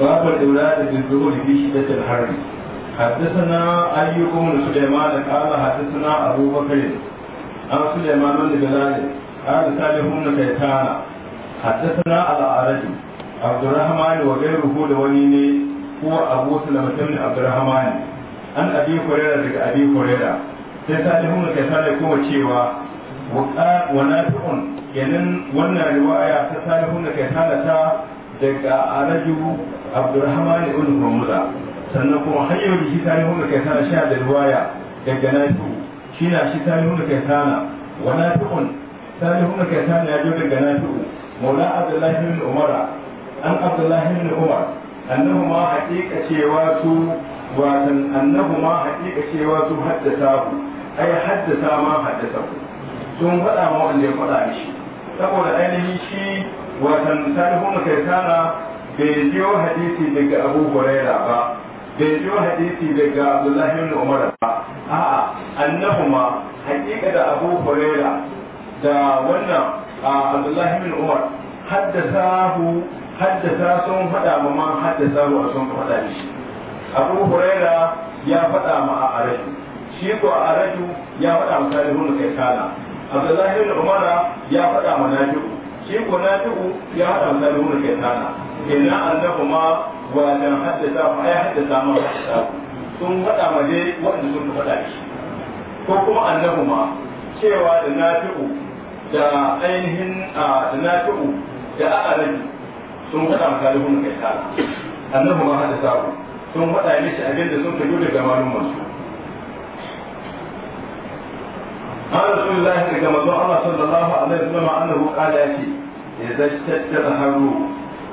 باب الإولاد بالظهور في شدة الحر حدثنا أيوب بن سليمان قال حدثنا أبو بكر عن سليمان بن بلال قال سالم بن كيتان حدثنا الأعرج عبد الرحمن وغيره لونيني هو أبو سلمة بن عبد الرحمن عن أبي هريرة لك أبي هريرة sai salihu da ke sale kuma cewa wa nafi'un yanin wannan riwaya ta daga araju abdurrahman ibn hurmuza sannan kuma hanyar da shi ta yi hunka kai sana sha da ruwaya daga nafi shi na shi ta yi hunka kai sana wa nafi'un ta yi hunka kai sana ya jo daga nafi'u maula abdullahi ibn umara an abdullahi ibn umar annahu ma haƙiƙa cewa su wasan annahu ma haƙiƙa cewa su haddasa ku ai haddasa ma haddasa ku sun faɗa ma wanda ya faɗa mishi saboda ainihin shi watan salihu makaitana bai biyo hadisi daga abu huraira ba bai biyo hadisi daga abdullahi ibn umar ba a'a annahuma hakika da abu huraira da wannan abdullahi ibn umar hu haddasa sun faɗa ma man haddasa ruwa sun faɗa shi abu huraira ya faɗa ma a araju shi ko a araju ya faɗa ma salihun kai kala. abdullahi ibn umar ya faɗa ma nafi'u shi ko nafi'u ya hada da nuna ke ma haddasa ya haddasa ma sun ma dai sun shi ko kuma annabu ma cewa da nafi'u da ainihin da nafi'u da arabi sun faɗa ma da nuna ke tsana annabu ma haddasa sun faɗa mishi abinda sun fi daga manzon Allah sallallahu alaihi wasallam annahu qala yace idan tattara haru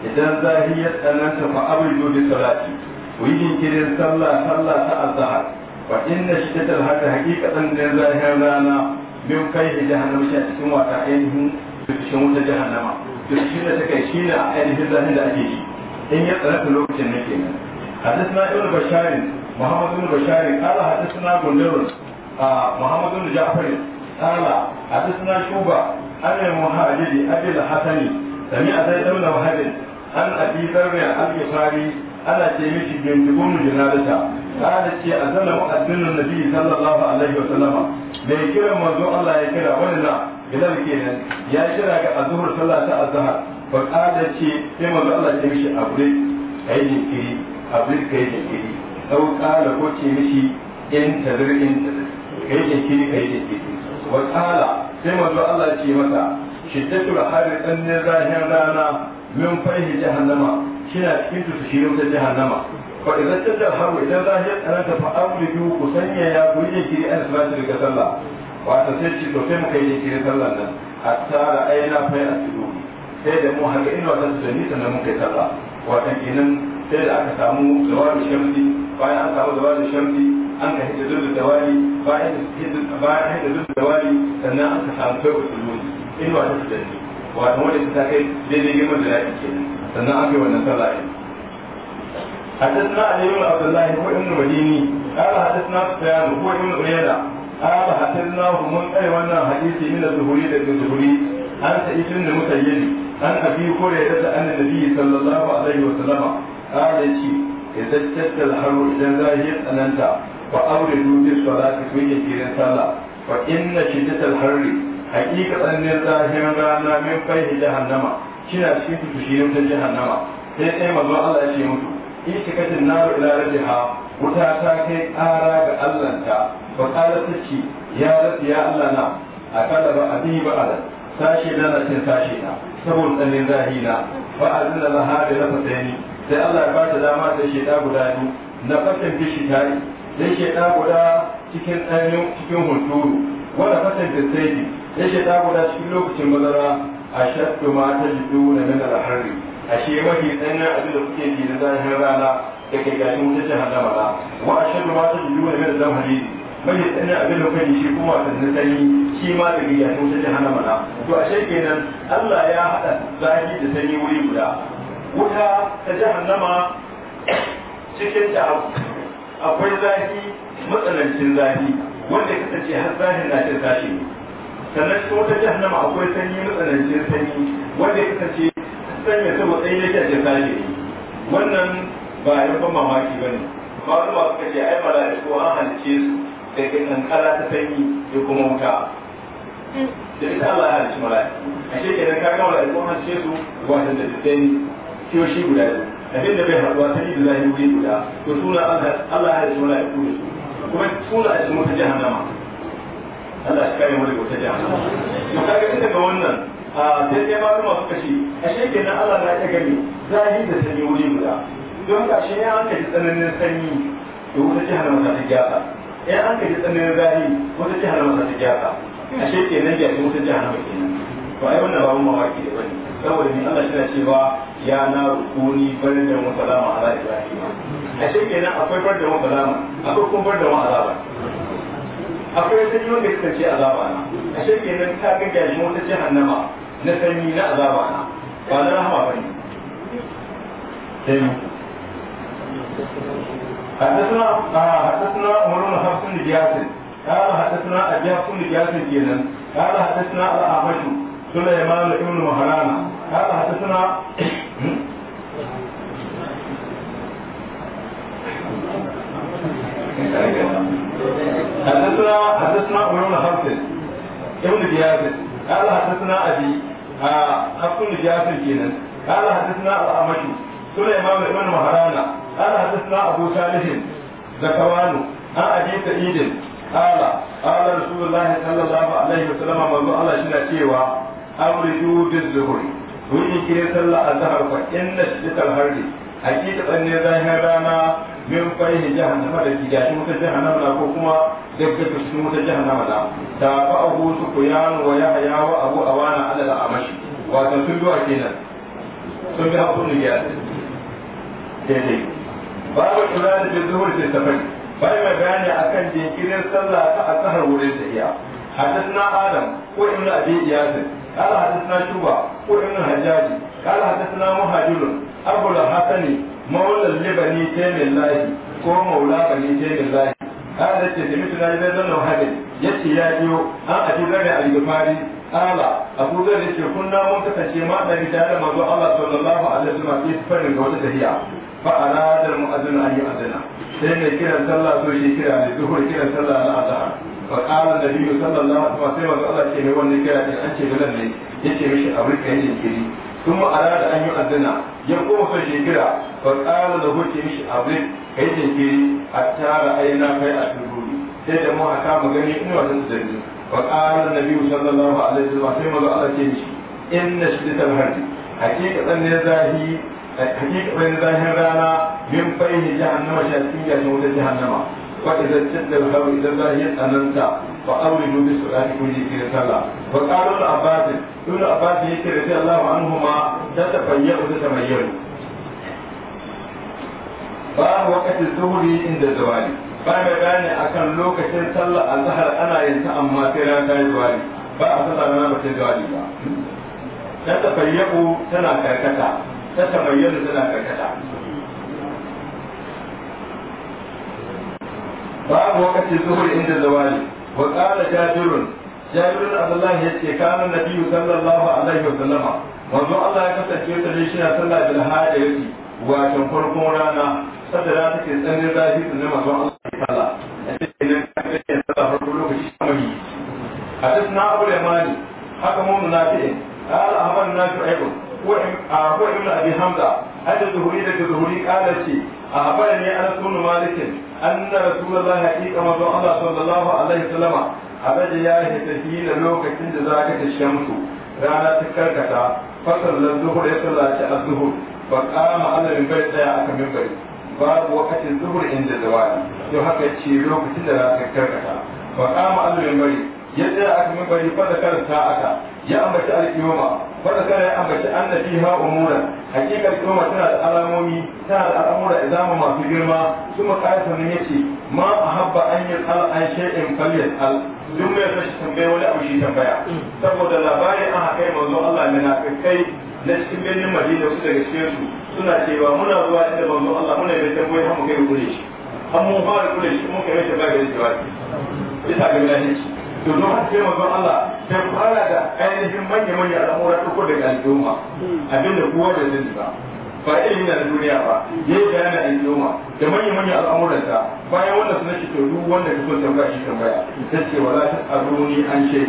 idan zahiyar tsananta fa abidu bi salati ku yi jinkirin sallah sallah ta azhar fa inna shiddatal hada haqiqatan da zahiyar rana min kai da jahannama shi a cikin wata ainihin cikin wuta jahannama to shi da take shi ne ainihin zahiyar da ake yi in ya tsananta lokacin nake nan حدثنا ابن بشار محمد بن بشار قال حدثنا بندر محمد بن جعفر قال حدثنا شوبة عن المهاجر أبي الحسن سمع زيد بن وهب عن أبي ذر الغفاري أنا تيمش جندبون جنابته قال شيء أذن مؤذن النبي صلى الله عليه وسلم بيكرا موضوع الله يكرا ولنا بلا بكينا يا شرع الظهر صلاة الظهر فقال شيء في موضوع الله تيمش أبريد أي جنكري أبريد كي جنكري أو قال قوتي مشي إن تدر إن تدر كي جنكري كي جنكري wa kala sai manzo Allah ce mata shiddatul hari dan ne zahin rana min fahi jahannama kina cikin su shirin ta jahannama fa idan tadda haru idan zahin rana ta fa amridu ku sanya ya ku yi kiri an salatu daga sallah wato sai ci to sai mu kai kiri Sallah nan hatta da aina fa ya sai da mu haka ina wata sunni sannan muka yi sallah wato kenan sai da aka samu zawar shamsi bayan an samu zawar shamsi an ka hidda duk da wari bayan bayan hidda duk da sannan an ka samu kai wasu lori in ba su da ni wato wanda ta kai daidai girman da yake kenan sannan an kai wannan sallah din حدثنا علي بن عبد الله هو ابن المديني قال حدثنا سفيان هو ابن عيينة قال حدثنا هم اي وانا حديثي من الزهري لابن الزهري عن سعيد بن المسيب عن ابي هريره ان النبي صلى الله عليه وسلم kada ce idan tattal haru idan zahi tsananta fa aure dubi salati ko yin kiran sallah fa inna shiddatal harri Hakika ne zahirin rana min fayhi jahannama kina cikin tushiyin ta jahannama sai dai mazo Allah ya ce mutu itikatin naru ila rajiha wuta ta kai ƙara ga Allahta fa qala tace ya rabbi ya Allah na akala ba abi ba Sashe sashi lana cin sashe na saboda tsanin zahina fa azina laha da rafa sai Allah ya bata dama da sheda guda biyu na fatan fishi tari da sheda guda cikin tsanin cikin hunturu wanda fatan fisaidi da sheda guda cikin lokacin bazara a shaɗu ma ta jidu na nan da harri shi mafi tsanin abin da kuke ji na zahirin rana da kai gashi wuta ce hadama ba wa a shaɗu ma ta jidu na nan da harri mafi tsanin abin da kuke shi kuma ta sanyi shi ma da gashi wuta ce hadama ba to ashe kenan Allah ya haɗa zahi da sanyi wuri guda wuta ta jahannama cikin ta akwai zafi matsanancin zafi wanda ya kasance har zafi na cin zafi sannan cikin wata jahannama akwai sanyi matsanancin sanyi wanda ya kasance sanya saboda yake a cin zafi wannan ba ya ban mamaki ba ne ba su ba suka ce ai mala'iku an halice su daga kankara ta sanyi da kuma wuta da ita Allah ya halice mala'iku a shekarun kaga mala'iku an halice su wata da sanyi shi guda ne abin da bai haɗuwa ta yi zahiri wuri guda to suna Allah ya haɗa ya kuma su kuma suna a cikin wata jahannama Allah ya kare mu daga wata jahannama to kaga tun daga wannan a sai dai ma kuma suka ce a shekin nan Allah na ya gani zahiri da sanyi wuri guda don ka shi ya hanka ji tsananin sanyi to wata jahannama ta gyara ya hanka ji tsananin zahiri wata jahannama ta gyara a shekin nan ya ce wata jahannama kenan to ai wannan ba mu mawaki da bane saboda ni Allah shi na cewa ya na kuni barin da mu salama ala ibrahim a shi kenan akwai bar da mu salama akwai kuma bar da mu azaba akwai sanyi wanda ya kasance azaba na a shi kenan ta ga gashi wata jahannama na sanyi na azaba na ba na rahama bane sai mu حدثنا حدثنا عمر بن حفص بن جاسر قال حدثنا ابي حفص بن جاسر جيلان قال حدثنا الاعمش سليمان بن مهران قال حدثنا حدثنا حدثنا عمر بن حفص ابن جهاز قال حدثنا ابي حفص بن جهاز كينا قال حدثنا الاعمش سليمان بن مهرانا قال حدثنا ابو صالح زكوان عن ابي سعيد قال قال رسول الله صلى الله عليه وسلم من الله شنا cewa amridu bizzuhri ku yi kire sallah azhar fa inna shiddatal harbi dan ne zahin rana min farihi jahannama da gidajen wuta jahannama na ko kuma daga cikin wuta jahannama da ta abu su kuyan wa yahya wa abu awana ala al-amashi ta sun duwa kenan sun bi hakun ne daidai babu tunanin da zuhur ce fai bai mai bayani akan jinkirin sallah ta asahar wurin iya. hadisna adam ko وابن أبي إياس قال حدثنا شعبة وابن الحجاج قال حدثنا مهاجر أبو الحسن مولى لبني تيم الله كو مولى بني تيم الله قال سمعت نجد بن وهب يأتي يا جو أن أبي ذر الغفاري قال أبو ذر كنا منتفشي ما نجد منذ الله صلى الله عليه وسلم في سفر الجودة هي فأراد المؤذن أن يؤذن sai كيرا kiran sallah so shi كيرا ne duhur kiran sallah na azhar faƙarar da biyu sallallahu alaihi wasallam sai wanda Allah ce mai wannan kira an ce bilan ne ya ce mishi a rika yin jinkiri kuma a rana da an yi azina ya koma son shi kira faƙarar da hoce mishi a rika yin jinkiri a tara aina kai a tururi sai da mu a kama gani in wata su dalili faƙarar biyu sallallahu alaihi wasallam sai wanda Allah ce mishi in na shi ta harbi hakika ɗan ne zahi hakika ɗan zahin rana min faihi jahannama shafiya ta wuta jahannama فإذا اشتد الهوى إذا الله يتأننت فأولوا بسؤال كل ذكر صلاة وقالوا العباس ابن عباس رضي الله عنهما تتفيأ تتميأ باب وقت الظهر عند الزوال باب بيان أكن لوكتين سلا الظهر أنا ينسى أما ترى كان الزوال باب صلى لنا بس الزوال تتفيأ تنا كركتا تتميأ تنا كركتا babu wakati zuhur inda zawali wa qala jabirun jabirun abdullahi yace kana nabiyyu sallallahu alaihi wa sallama manzo Allah ya kasance ta ne shi na sallah bil hada yake wato farkon rana sadara take tsanin zafi tsanin manzo Allah ya sallah yace ne kan ya sallah farkon lokaci kamar yi hadithna abu haka mu ko ibnu abi hamza an da zuhuri da zuhuri kala ce a baya ne an sunu malikin anna rasulullahi haqiqa ma Allah sallallahu alaihi wasallam a baje ya yi tafiyi da lokacin da za ka ta shamsu rana ta karkata fasar da zuhuri ya sallaci a ba kama ala min bai aka min bai babu wakacin zuhuri inda zawadi to haka ce lokacin da rana ta karkata ba kama ala min bai ya aka min bai fa da karanta aka ya ambaci al'imama wanda kana ya ambaci an da fiha umura hakikar kuma tana da alamomi tana da al'amura izama masu girma su makayata ne yace ma ahabba an yi al an shay'in al duk mai fashi tambaya wani abu shi tambaya saboda labarin an haka manzo Allah ne na kai na cikin birnin Madina su daga cikin su suna cewa muna zuwa inda manzo Allah muna yi tambaye har mu kai gure shi an mun fara gure shi mun kai shi ba da jawabi bisa ga lahiyaci to don haka sai manzon Allah da fara da ainihin manya-manya al'amura ta ko daga al'umma hmm. abinda kowa da zai ba ba ilimi na duniya ba yayi bayanin al'umma da manya-manya al'amuran ta bayan wanda suna ce to duk wanda ka kun tambaya shi tambaya ta ce wala ta aruni an ce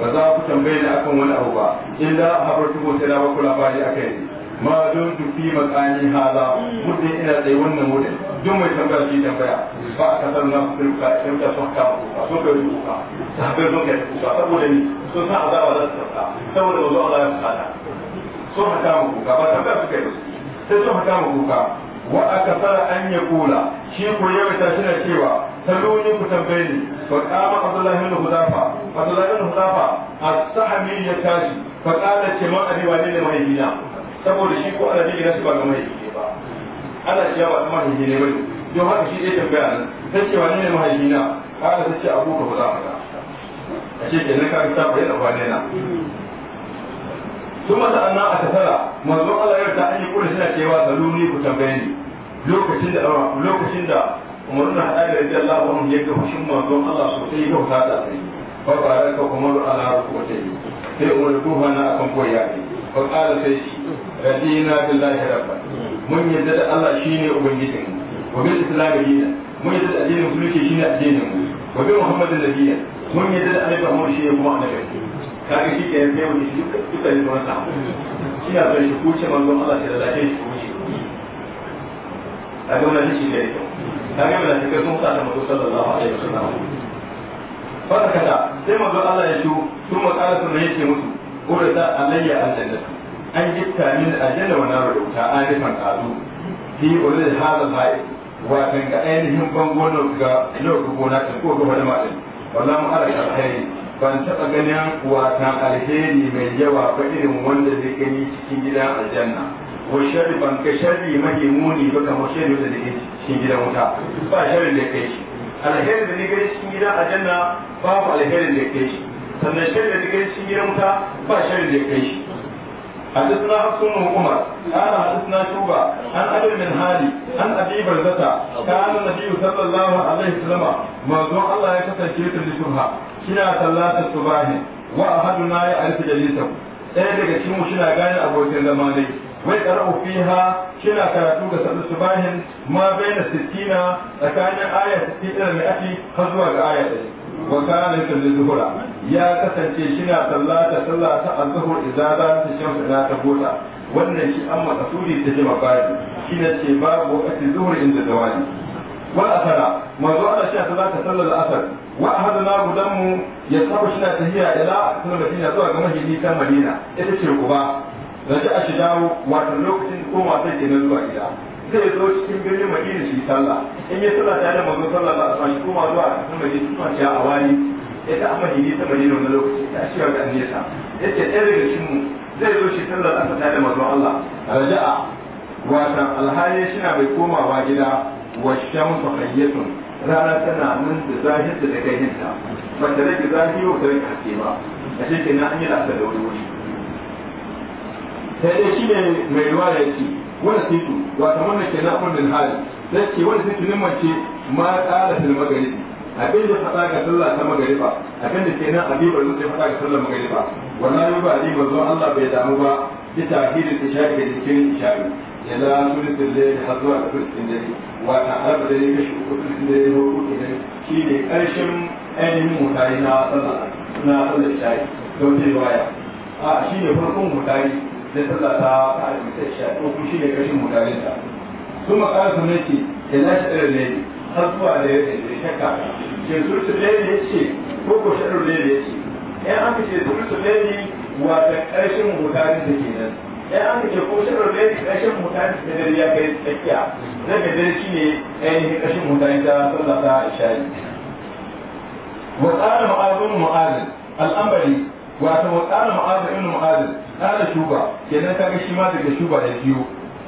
ba za ku tambaye ni akan wani abu ba illa habartu ko sai na ba ku labari akai ma don su fi makani hala muddin ina tsaye wannan wurin duk mai tambaya shi tambaya ba a kasar na su firka idan ta sun kama kuka sun kai kuka ta haɓe sun kai kuka saboda ni sun san azaba za su tsaka saboda wazo Allah ya tsada sun haka mu kuka ba tambaya su kai sai so haka mu kuka wa a fara an ya kula shi ko ya bata shi na cewa sallolin ku tambaye ni fa kama Abdullahi ibn Hudafa Abdullahi ibn Hudafa as-sahmi ya tashi fa kana ce ma abi wani ne da mai hina saboda shi ko ana jirgin shi ba ga mahaifi ba ana yawa ba mahaifi ne bane don haka shi zai tambaya nan sai cewa ni ne mahaifi na kada sai ce abuka ba za mu da a ce kenan ka ta tafiya da ne na ثم سألنا أتسرى منظور الله يرجع أن يقول سنة ku سلوني كتبيني lokacin da lokacin da umarun da hada da Allah wa ya ga fushin manzon Allah sosai ga wata da sai fa qala ka kuma ala ruku ta yi sai umar duha na akan koyya ne fa qala sai shi radina billahi rabba mun yadda da Allah shine ubangijin wa bil islam dina mun yadda da addinin musulunci shine addinin mu wa bi muhammadin nabiyya mun yadda da alaihi mu shi kuma annabi kaga shi ke sai wani shi duka duka ne wannan shi ya bai shi kuce manzon Allah sai da lafiya shi kuce kaga wannan shi ne kaga wannan shi kai sun ta mutum sallallahu alaihi wasallam fa kada sai manzon Allah ya shi kuma kala sun yake musu ko alayya an gitta min ajala wa na rubuta alifan azu fi ulul hadal hayy watan ga ainihin bango na ga lokacin gona ta ko ga wani malami wannan mu ala alheri ban taɓa ganin watan alheri mai yawa ba irin wanda zai gani cikin gidan aljanna ko sharri ban ka sharri mahi muni ba kamar sharri da zai cikin gidan wuta ba sharri da kai shi alheri da zai cikin gidan aljanna babu alheri da kai shi sannan sharri da zai cikin gidan wuta ba sharri da kai shi حدثنا عبد بن عمر قال حدثنا شعبة عن أبي المنهالي عن أبي برزة كان النبي صلى الله عليه وسلم موضوع الله يكسر شريك لشبهة شنا صلاة الصباح وأحدنا يعرف جليسه ɗaya daga cikin mu shina gane abokin zama ne wai qara'u fiha shina karatu ga sallar subahin ma baina sittina tsakanin aya 60 da 100 har zuwa ga aya 100 wa kana zuhura ya kasance shi na sallata sallata al zuhr idza ta shamsu ta gota wannan shi an makasudi ta jima bayan shi na ce babu wakati zuhur inda zawali wa asara manzo Allah shi sallata sallal asar wa ahadana gudanmu ya sabu shi na tahiya ila sunan madina zuwa ga mahidi ta madina ita ce kuba da ta shi dawo wato lokacin koma sai kenan zuwa gida zai zo cikin birnin madina shi sallah in ya sallah ta yana mazo sallah ba a shi kuma zuwa a cikin madina suna ciya a wani ya ta amma jini ta madina wani lokaci ta shi wa ganiyata ya ce ɗaya da shi mu zai zo shi sallah asa ta yana mazo Allah raja'a wata alhali shi na bai komawa gida wa shan fahayyatun rana tana nan da zahir da daga hinta ba ta rage zahir ba ta rage haske ba a shi kenan an yi lasa da wuri wuri sai dai shi ne mai ruwa ya ce wani titu wata wannan ke na abin hali zai ce wani titu ne mace ma ƙara fil magaribi abin da faɗa ga sallah ta magariba abin da ke nan abibar zuwa faɗa ga sallah magariba yi ba abibar zuwa Allah bai damu ba ta tahirin isha'i da cikin isha'i suna sulutul da har zuwa sulutul layl wa ta harba da yake shi sulutul dare ko kuke ne shi ne karshen ainihin mutane na sallah na sallah isha'i don ce waya a shi ne farkon mutane sai sallah ta ta'adi ta ko kuma shi ne kashin mutane ta su makara su nake ya lashe ɗarin ne har zuwa da ya shakka ke zurtu lele ya ce ko ko shaɗin lele ya ce ɗan an ka ce zurtu lele wata ƙarshen mutane da ke nan ɗan an ka ce ko shaɗin lele ƙarshen mutane da dare ya kai tsakiya daga dare shi ne ainihin ƙarshen mutane ta sallah ta isha yi. وقال معاذ بن معاذ wato wa qala mu'adh ibn mu'adh shuba kenan ta shi ma daga shuba da biyu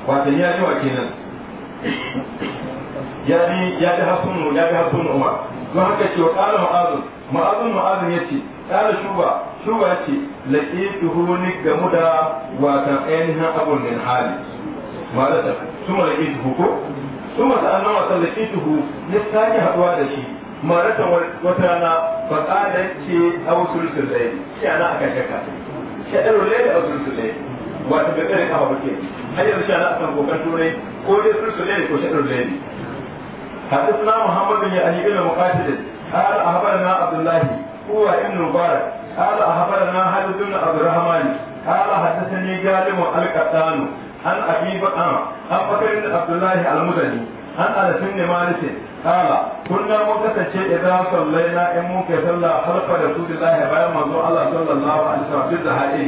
wato ya yi wa kenan ya ji ya hasun mu ya ji hasan umar don haka ce wa qala ma'azu ma'azu ya ce qala shuba shuba ce yace laqituhu ni ga da wato ainihin abun da hali ma da ta kuma laqituhu ko kuma sa'annan wato laqituhu ya sake haɗuwa da shi maratan wata rana ba ƙalar ce a wasu rufin tsaye shi ana aka shaka shi a ɗaro laye da wasu rufin tsaye wata bai ba ke shi ana kan kokar turai ko dai rufin ko shi ɗaro ne. hadis na muhammadu kala kunna mu ta ce idan sallaina in mun kai sallah harfa da su billahi bayan manzo Allah sallallahu alaihi wasallam bi zahari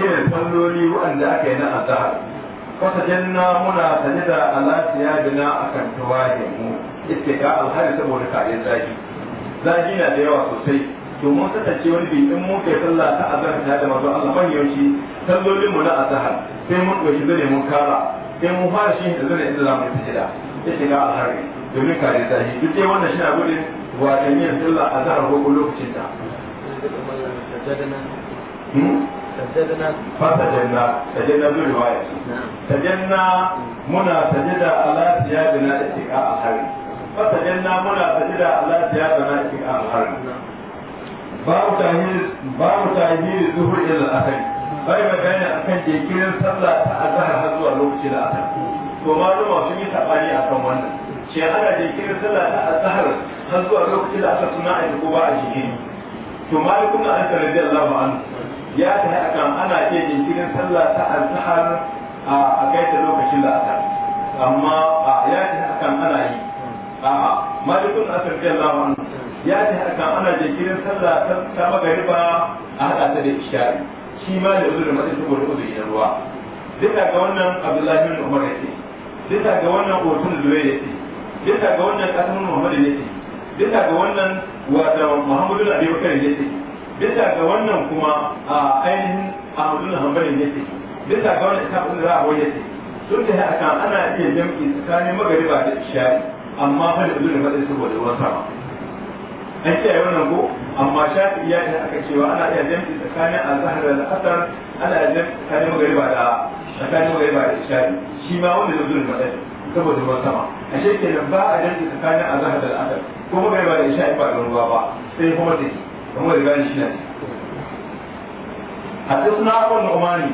irin salloli wanda aka yi na azhar wata janna muna sajida ala siyabina akan tawahi mu ittika alhari saboda kare zaji. Zaji na da yawa sosai domin ta ce wani bi in mun kai sallah ta azhar ta da manzo Allah ban yawanci sallolin mu na azhar sai mun dauki zane mun kara sai mun fara shi da zane inda zamu yi sajida ittika alhari domin kare zahi duk dai shi na gudun wajen yin sallah a zahar ko lokacin ta hmm? fasajenna na zuwa riwaya muna sajada ala siyabina ittiqa al-hari fasajenna muna sajada ala siyabina ittiqa al-hari babu tahir babu tahir zuhur ila al bai magana akan jinkirin sallah ta azhar har zuwa lokacin al-asr to malama sun yi sabani akan wannan ce ana jinkirin sallah ta azhar har zuwa lokacin da aka tuna a ko ba a jinkiri to malikun an ta radiyallahu anhu ya ta akan ana iya jinkirin sallah ta azhar a kai ta lokacin da aka amma ya ta akan ana yi a'a malikun an ta radiyallahu anhu ya ta akan ana jinkirin sallah ta magariba a hada ta da isha'i shi ma da uzuri matsayin saboda uzuri na ruwa bisa ga wannan abdullahi bin umar yake bisa ga wannan hoton da ya yake bisa ga wannan kasar Muhammadu ne ce bisa ga wannan wata Muhammadu da Abubakar ne ce bisa ga wannan kuma a ainihin Ahmadu na Hanbali ne ce bisa ga wannan Ishaq da Rawi ya ce sun ta haka ana iya jam'i tsakanin magariba da isha'i amma fa da uzurin saboda ruwan sama an ce wannan ko amma shafi ya ce aka cewa ana iya jam'i tsakanin azhar da asar ana iya jam'i tsakanin magariba da tsakanin magariba da isha'i shi ma wanda da uzurin saboda ruwan sama a shekenan ba a jan tsakanin na a zahar da al'adar. kuma bai ba da isha in faɗin ruwa ba sai kuma da kuma da gani shi na ce hadisna abun umani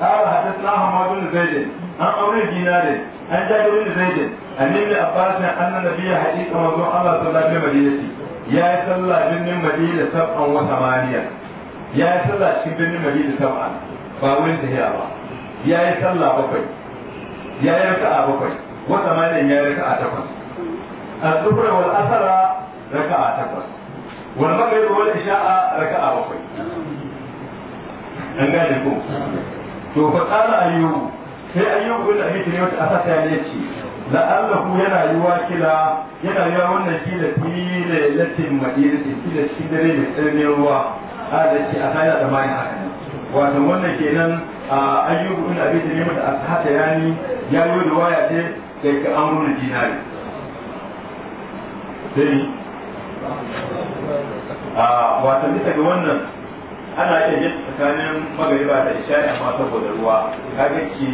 qala hadisna da zai zaid an gina dinar an jabir bin zaid an ibn abbas an anna nabiyya hadith ma zuwa allah sallallahu alaihi wasallam ya yi sallah birnin da sab'an wa samaniya ya yi sallah cikin birnin da sab'an ba wurin tahiya ba ya yi sallah bakwai ya yi a bakwai wanda malam ya raka a takwas al-zuhra wal asara raka a takwas wal maghrib wal isha'a raka a bakwai an gane ko to fa qala ayyub sai ayyub bin abi talib ta asata ya ce la'allahu yana yiwa kila yana yiwa wannan kila tile latin madinati kila shi dare mai ruwa a a da wannan kenan ayyub bin ta yani ya yi ce sai ka an nuna dinari sai a wata bisa ga wannan ana iya yin tsakanin magariba da isha'i amma saboda ruwa ka ga ki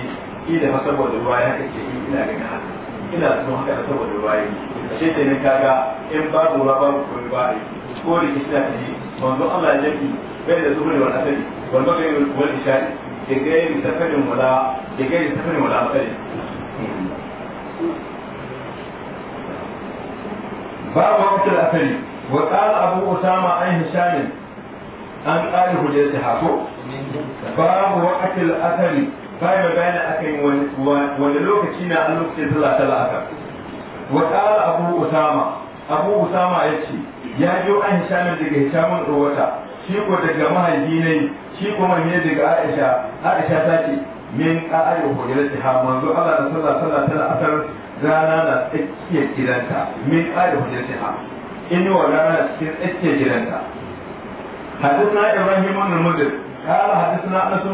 ki da saboda ruwa ya kace ki ina ganin haka ina son haka da saboda ruwa yi ashe na kaga in ba babu ruwa babu koyi ba yi. ko da kisa ta yi wanzu Allah ya yi bai da zuhuri wani asali wal magaribi wal isha'i da gairi safarin wala da gairi safarin wala asali باب وقت الأثر وقال ابو اسامه عن هشام عن آل هجرتها باب وقت باي باب بين أكل وللوك تشينا ألوك تزلى ثلاثة وقال أبو أسامة أبو أسامة يتشي يا جو عن هشام دقى هشام ما شيكو شي كو شيكو هي دقى عائشه عائشه تاتي min ƙa'ari hujjarati ha manzo Allah da sallah sallah tana asar rana na tsakiyar gidanta min ƙari hujjarsu ha inu wa rana na tsakiyar gidanta hadisu ibrahim an mudir kala hadisu na asu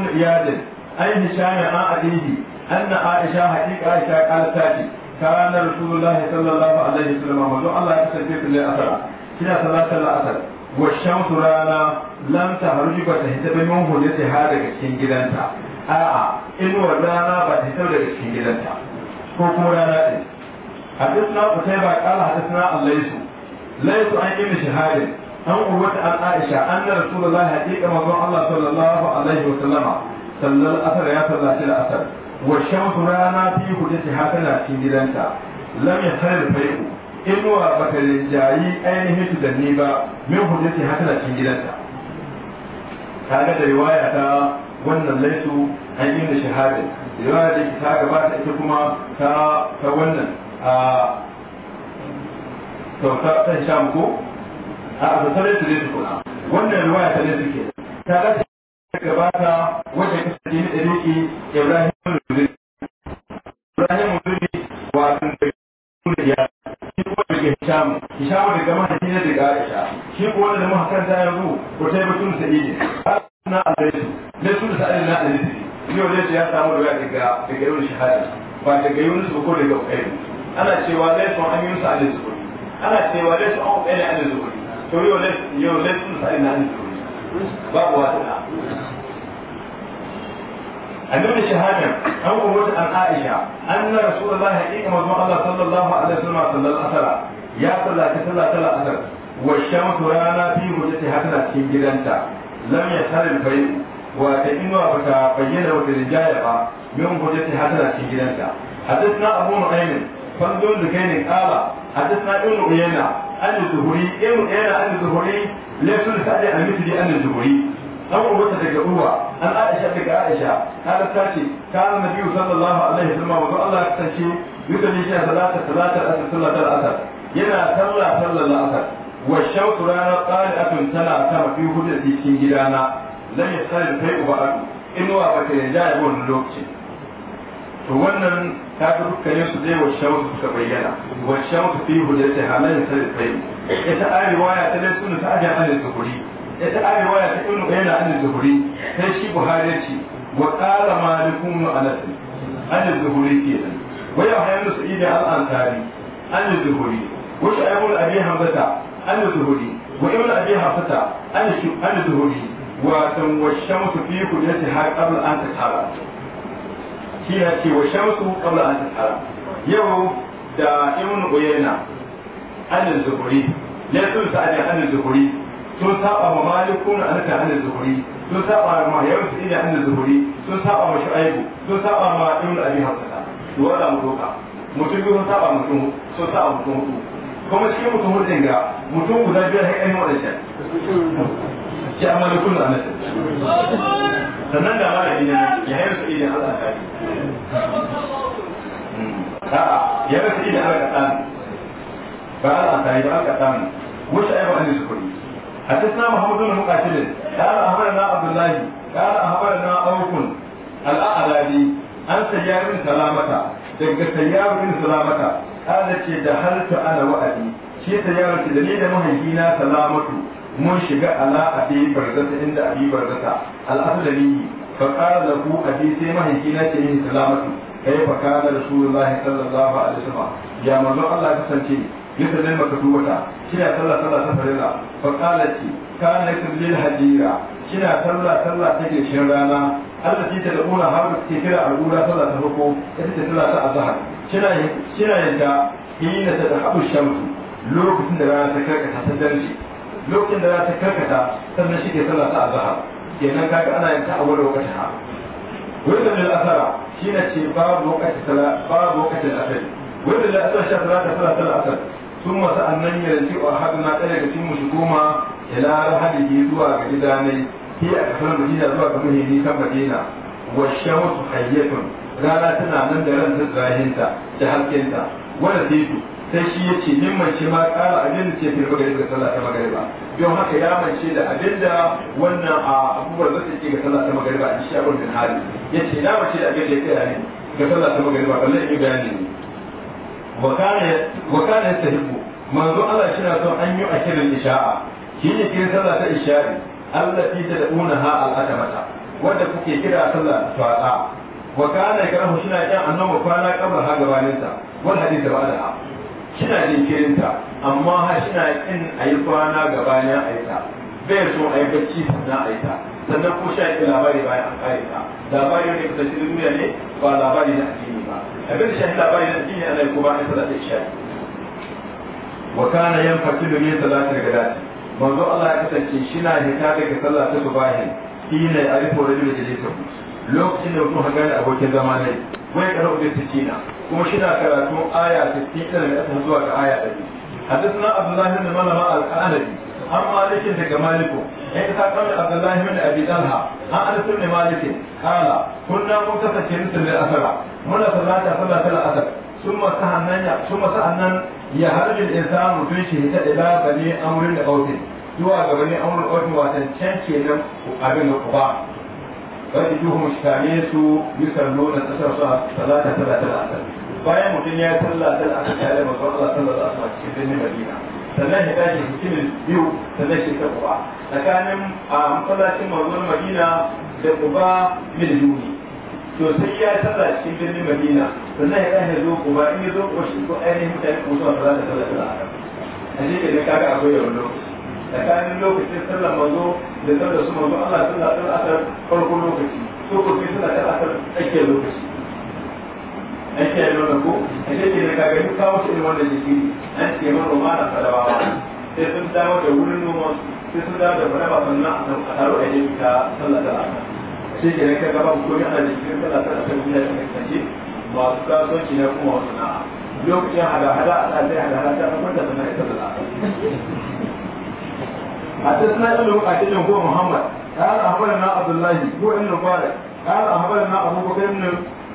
an yi shani an adihi an na aisha haƙiƙa aisha ƙarsa ce kana rasulullahi sallallahu alaihi wa sallam wajen allah ya kasance fi lai asara shine salatun asar wa shamsu rana lam ta haruji ba ta hita ba min hujjarsu ha daga cikin gidanta a'a inu rana ba ta hita daga cikin gidanta ko kuma rana ɗin hadisna qutayba hadisna an yi shahada an aisha anna rasulullahi haqiqa manzo Allah sallallahu alaihi wa sallama sallal ya wa rana fi hudati gidanta lam fai'u inuwa bata rinjayi ainihin tudanni ba min hudati hakana gidanta kaga da riwaya ta wannan laisu an riwaya da ta gabata ita kuma ta ta wannan a sauta ta sham ko a ta tare da su kuma wannan riwaya ta ne ke ta ga ta gabata wajen kasance ne da riki Ibrahim Rubin Ibrahim Rubin wa kan da ya shi ko daga Hisham Hisham daga mahaifi ne daga Aisha shi ko wanda da muhakkar ta yaro ko ta yi batun sa'idi na alaihi ne sun sa'idi na alaihi yau zai ce ya samu da daga daga yau shahada ba daga yunus ba ko daga ukairu ana cewa zai sun an yunus an zuri ana cewa zai sun an ukairu an zuri to yau zai yau zai sun sa'in an zuri babu wata da annabi shahada an umurta an aisha anna rasulullahi haqiqa manzon Allah sallallahu alaihi wasallam sallallahu alaihi wasallam ya sallata sallata al'asr wa shamsu rana fi mutati hakana cikin gidanta lam yasal al wata inuwa ba ta bayyana wata rinjaya ba min hujjati hasana cikin gidansa hadisna abu nu'aymin fandon da kai ne kala hadisna ibnu uyayna an zuhuri ibnu uyayna an zuhuri laysa sa'id an mithli an zuhuri an ubuta daga uwa an aisha daga aisha kada ta ce kana nabi sallallahu alaihi wasallam wa Allah ya tace yusalli shi salata salata asr salata asr yana sallah sallar asr wa shawtu rana qali'atun tana kama fi gidana lam yasalin kai uba adu inuwa ba ta yanja a wani lokaci to wannan ta fi dukkanin su dai wasu shamsu suka bayyana wasu shamsu fi hudu ta halayen sai kai ita arewa waya ta dai suna ta ajiyar alin zuhuri ita arewa waya ta ibnu bayyana alin zuhuri sai shi buhari ce wa qala malikun anas alin zuhuri kenan wa ya hayyan sa'id al-ansari alin zuhuri wa sha'ibul abi hamzata alin zuhuri wa ibnu abi hafsata alin zuhuri watan washamsu fi kudiyati har qabla an tasara shi ya ce washamsu qabla an tasara yau da ibn uyayna an zuhuri ne sun sa an zuhuri sun saba ma malikun an ta an zuhuri sun saba ma yau su ina an sun saba ma shu'aibu sun saba ma ibn abi hafsa wala mutoka mutum biyu sun saba mutum sun saba mutum kuma cikin mutum hudun mutum guda biyar har ɗan wadancan ya amma da kullum anas sannan ga mara ne ya yi rasu idan Allah ka yi hmm. a'a ya rasu idan Allah ka tsani ba Allah ka yi ba Allah ka tsani wuce ayyuka ne su kuri حدثنا محمد بن مقاتل قال أخبرنا عبد الله قال أخبرنا أوف الأعلى an sayyarin salamata daga sayyarin salamata kada ce da halta ana wa'adi shi sayyarin da ni da mahaifina salamatu mun shiga ala abi barzata inda yi barzata al-aslami fa da ku abi sai mahaifi na ce yin salamatu kai da kana lahi sallallahu alaihi wasallam ya manzo Allah kasance yadda zai maka tubata kina sallah sallah ta farilla ce qala na yi tablil hadira kina sallah sallah ta gishin rana Allah ce ta da'una har ke kira al'ura sallah ta farko ita ce sallah ta azhar kina kina yadda na ta habu shamsu lokacin da rana ta karkata ta darje lokacin da za ta karkata sannan shi ke sallah ta zahar. kenan kaga ana yin ta'awul lokacin ha wani da lil asara shine ce babu lokacin sala babu lokacin asar wani da lil asara shi sallah ta sallah sallah asar thumma sa'annan ya rinci wa hadna tare da cikin mushkuma ila rahadihi zuwa ga gidanai sai a kafar madina zuwa ga muhimmi kan madina wa shawtu hayyatun rana tana nan da ran ta zahinta da halkinta wala zaitu sai shi ya ce min mace ma ƙara abin da ke fi magari ga sallah ta magariba don haka ya mace da abin da wannan a abubuwan da ke ga sallah ta magariba in sha bin hali ya ce na mace da abin da ya kai hali ga sallah ta magariba balle in bayani ne wa kana ya sahibu manzo Allah shi na son an yi a kirin isha'a shi ne kirin sallah ta isha'i Allah fi ta da'una ha al'adamata wanda kuke kira sallah ta wa kana ya karahu shi na yan annabi kwana kabar ha gabaninsa wal hadith ba'da kina kirinta, amma ha shina a ayi kwana gabanin aita bai so ayi bacci na aita sannan ko sha ki labari bayan an kare ta labari ne da cikin duniya ne ba labari na addini ba abin shi labari na addini ana yi ko bayan salatu isha wa kana yanfatilu min salati gadati manzo Allah ya kasance shi na hita daga sallah ta subahi shine da rajul jalisahu lokacin da mutum haga abokin zama ne mai kasar da su cina kuma shi na karatu aya su da ta zuwa ga aya da hadisi na abdullahi da malama al-qanadi an malikin daga Maliko, ya yi sakon da abdullahi da abi dalha an arsu ne malikin kala kunna mun kasance rusul da asara mun da salata salatul asar summa sa'annan ya summa sa'annan ya harbi al-insan mutun shi ta ila bani amrin da kawfin zuwa ga bani amrin kawfin wa tantance nan ku abin da ba. فإنهم الشاميس يسلون الأسر صلاة ثلاثة العصر bayan mutum ya sallah dan aka kare manzo Allah sallallahu alaihi wasallam cikin birnin Madina sannan ya tashi cikin biyu sannan shi ta Quba tsakanin a masallacin manzo Madina da Quba mil yuni to sai ya sallah cikin birnin Madina sannan ya tashi zo Quba in ya zo Quba shi ko ainihin mutane ko suna sallah da sallah da a je da kaga akwai yawan lokaci tsakanin lokacin sallah manzo da nan da su manzo Allah suna ɗan asar farko lokaci su kurfi suna ɗan asar tsakiyar lokaci an ce nuna ko a ce ke daga gani kawo shi ilmar da jiki an ce man roma na fadawa sai sun dawo da wurin noma sai sun dawo da fadawa sannan a taro a yi ta sallar da asar sai ke daga gaba ko yi ana jikin sallar da asar da ta kasance masu kasuwanci na kuma wasu na'a lokacin hada-hada a ɗan hada-hada ta kwanta sannan da حدثنا ابن مقاتل هو محمد قال اخبرنا عبد الله هو ابن مبارك قال اخبرنا ابو بكر بن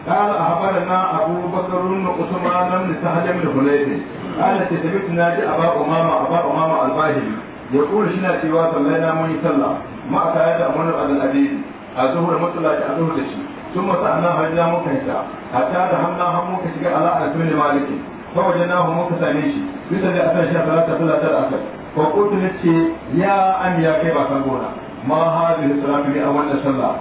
قال اخبرنا ابو بكر بن عثمان بن سهل بن حليب قال كتبت نادي ابا امامه ابا امامه الباهلي يقول شنا سوى صلينا من صلى ما كان يامر على الابيد الظهر مطلع الظهر لشي ثم سالنا هجنا مكنسا حتى دخلنا هم مكنسا على انس بن مالك فوجدناه مكنسا نيشي مثل اثر شهر ثلاثه ثلاثه الاخر fa kuntu nace ya am ya kai ba san gona ma hadhihi salatu li awwal sallah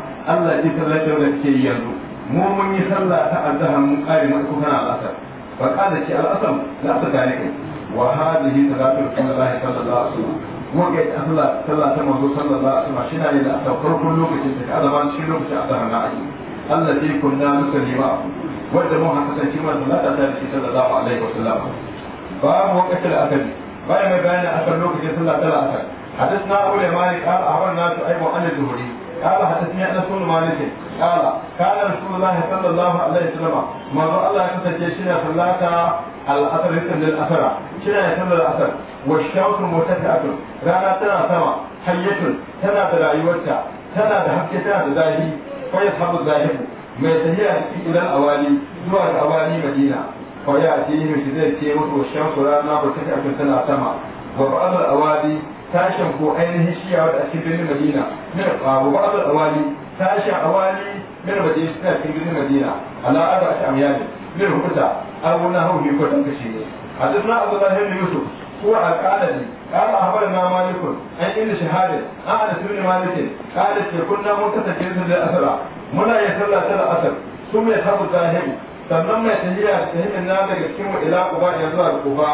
da baya mai bayani a lokacin sallah ta lasa hadis na abu lemani kala a wani nasu aibon an da zuhuri kala hadis ne na sunu malikin kala kala na sunu lahi sallallahu alaihi sallama manzo allah ya kasance shi ne sallata al'asar rikin lil asara shi ne sallar asar wa shawtun motafi akun rana tana sama hayyatun tana da rayuwarta tana da haske tana da zahi kai sabu zahibu mai tafiya cikin gidan awali zuwa ga awali madina fa ya tihi shi zai ce mutu shan rana ba take abin tana sama wa ba'd al-awadi tashin ko ainihin shiya da ake birnin Madina min wa ba'd al-awadi tashin awali min Madina suna cikin birnin Madina ala arba ta amyani min hukuta abuna ko ne هو القالدي قال أخبرنا مالك عن ابن شهاب عن أنس مالك قالت كنا منتسجين للأسرى منا يسرى سر أسر ثم يذهب الذاهب sannan mai tahiya min na daga cikin wa ila uba ya zuwa uba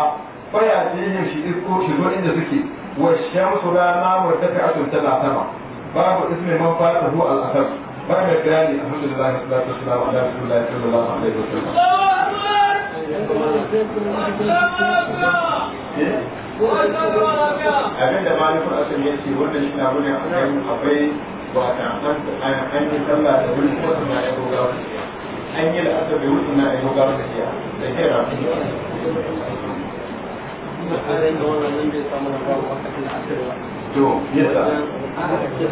faya tahiyin shi isko shi zo inda suke wa shamsu rana wa taka atun tana sama babu ismi man fata hu al asar ba mai bayani alhamdulillah sallallahu alaihi wa sallam sallallahu eh? alaihi wa sallam abin da malikul asir ya ce wanda shi na wurin akwai akwai ba ta an yi sallah da wuri, ko suna ya goga wani an yi la'asar bai wuce na a yi hogar da siya da ke ra to yasa an yi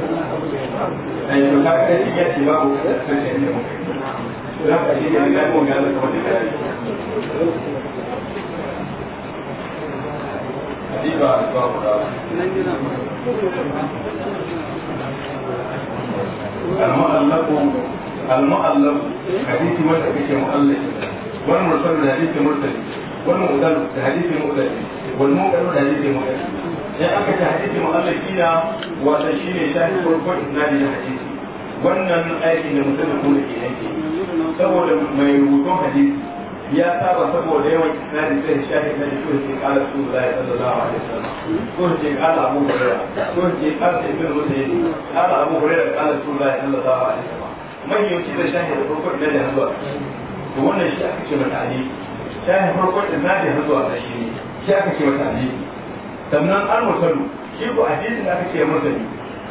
hogar da siya ce babu sun shi ne mu za ka shi ne na mu gane kamar da ya yi ba ba ba المؤلف المؤلف hadisi wanda kake mu'allaf wal mursal da hadisi mursal wal mu'dal da hadisi mu'dal wal sai aka ta hadisi mu'allaf kina wata shine shafi farkon isnadi da hadisi wannan aikin da mutum ko da yake saboda mai rubutun hadisi ya saba saboda yawan isnadi sai shahi na da kuma sai kala su da ya sallallahu alaihi wasallam ko sai kala abu ko sai kala ibn husayn kala abu hurairah kala su da ya sallallahu alaihi wasallam mahimmanci zai shahi da farko da da hazuwa. to wannan shi aka ce mata aliki shahi farko da na da zuwa da shi ne shi aka ce mata aliki sannan an wasalu shi ko hadisin da aka ce masa ne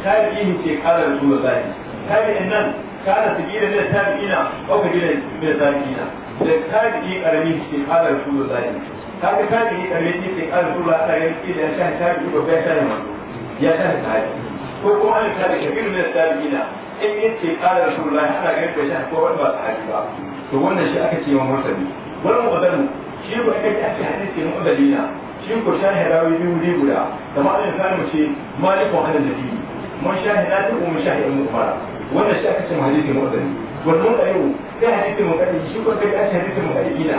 tabi'i ce da rasulullahi tabi'in nan kana sigila da tabi'ina ko kabila da tabi'ina da tabi'i karami ce da rasulullahi kaga tabi'i karami ce kala rasulullahi Allah ya ce da shahi tabi'i ko ya shahi manzo ya shahi tabi'i ko kuma an tabi'i kabila da tabi'ina in in kala rasulullahi ana ganin bai shi ko wani ba sahabi ba to wannan shi aka ce wa mursali wal mu'adalu shi ko aka ce aka hadisi mu'adalina shi ko shahi rawi biyu ne guda kamar an sanu ce malikun mun shahi mun shahi wannan shi aka ce hadisi hadisi shi ko hadisi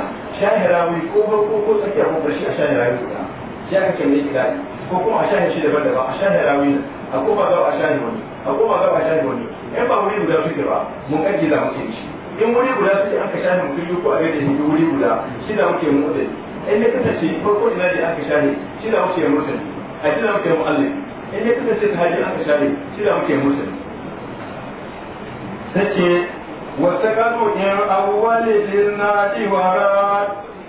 shahi ko ko ko tsakiya ko shi shahi guda shi aka ce ko kuma a shahin shi daban-daban a shahin rawi a kuma gaba a shahin wani a kuma gaba a shahin wani yan ba wuri guda suke ba mun kaji za mu shi in wuri guda suke an ka shahin mutum yuko a gaida hindu wuri guda shi da muke mu da in ya kasance ko ina ne aka shahin shi da muke mutane a shi da muke mu'allin in ya kasance ta hajji aka shahin shi da muke mutane sace wata kano in awwali lillahi mu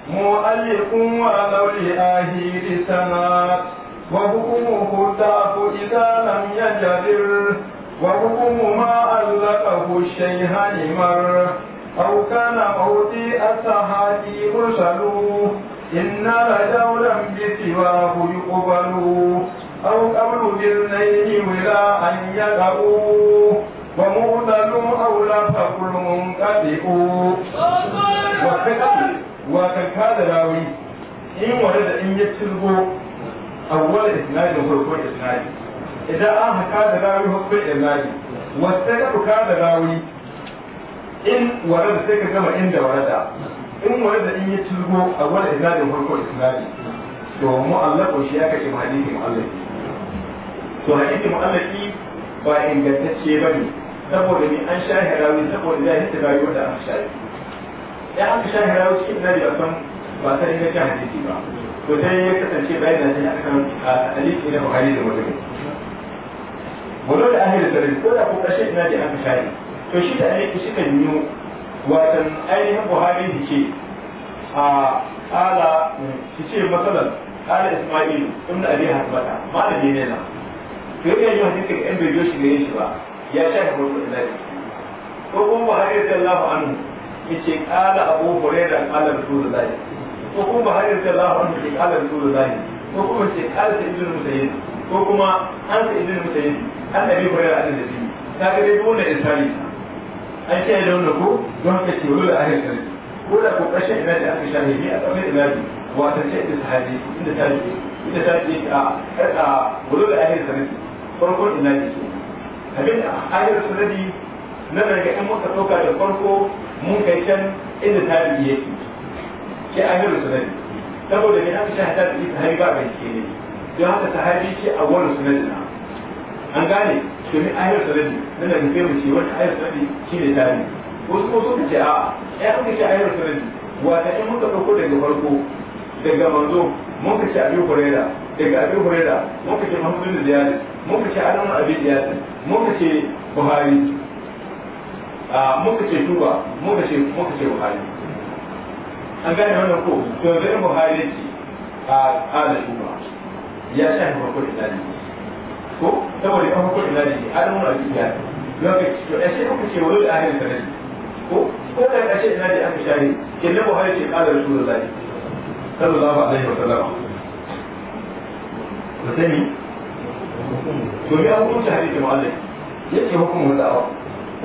mu'allikun wa lauli ahiri sanat وحكمه تعف إذا لم يجدر وحكم ما ألقه الشيهان مر أو كان موتي السحادي مرسل إن رجولا بسواه يقبل أو قول بالنيل ولا أن يدعوا ومعضل أو لفق المنقطع وكذا وكذا راوي إن ورد إن يتلقوا awwal isnadin farko isnadi idan an haka da rawi hukun isnadi wasta ka buka da rawi in warada sai ka gama inda warada in warada in yi turgo awwal isnadin farko isnadi to mu'allaqo shi aka ce hadisi to ba ingantacce saboda ni an sha rawi saboda zai hita rawi da aka sha ya aka sha rawi cikin nabi a san ba ta ingantacce hadisi ba to sai ya kasance bayan da aka kan hadisi na Buhari da Muslim walau da ahli sarri ko da kuma shi ina ji an fi shari to shi da aiki shi kan yi watan ainihin Buhari da ce a ala shi ce masalan ala Isma'il ibn Abi Hasbata malami ne na to yayin yin hadisi yan bai shi ne shi ba ya shafa wasu ina ko kuma Buhari radiyallahu anhu yace qala Abu Hurairah qala Rasulullahi ko kuma har yanzu Allah an ce kala zai ko kuma ce kala ta mu Musayyib ko kuma an ta ibnu Musayyib an da bai bayar da shi ta ga dai ko ne isari an ce da wannan ko don haka ce wala ahli sarki ko da ko kashe ina da aka shahidi a da ilahi wa a ce da sahabi inda ta ce inda ta ce a kada wala ahli sarki farkon ilahi abin ahli sarki na daga 'yan muka dauka da farko mun kai can inda tarihi yake shi amiru sunani saboda ne aka shahada da ita hari ba bai ke ne don haka sahabi ce a wani sunani na an gane ne ayar sunani nan da muke mace wata ayar su sunani shine tari wasu kuma suka ce a ya aka ce ayar su sunani wata in muka dauko daga farko daga manzo muka ce abin hurera daga abin hurera muka ce da ziyadi muka ce adamu abin ziyadi muka ce buhari muka ce tuba muka ce buhari an gane wannan ko to da in buhari ce a ala duba ya sha ni farko da dani ko saboda kan farko da dani a dan wani ya lokaci to ashe ku ce wani da ahli ko ko da ashe ina da an shari kenan buhari ce ala rasulullahi sallallahu alaihi wasallam ku sani to ya hukunci hadisi mu'allaf yake hukumin da'awa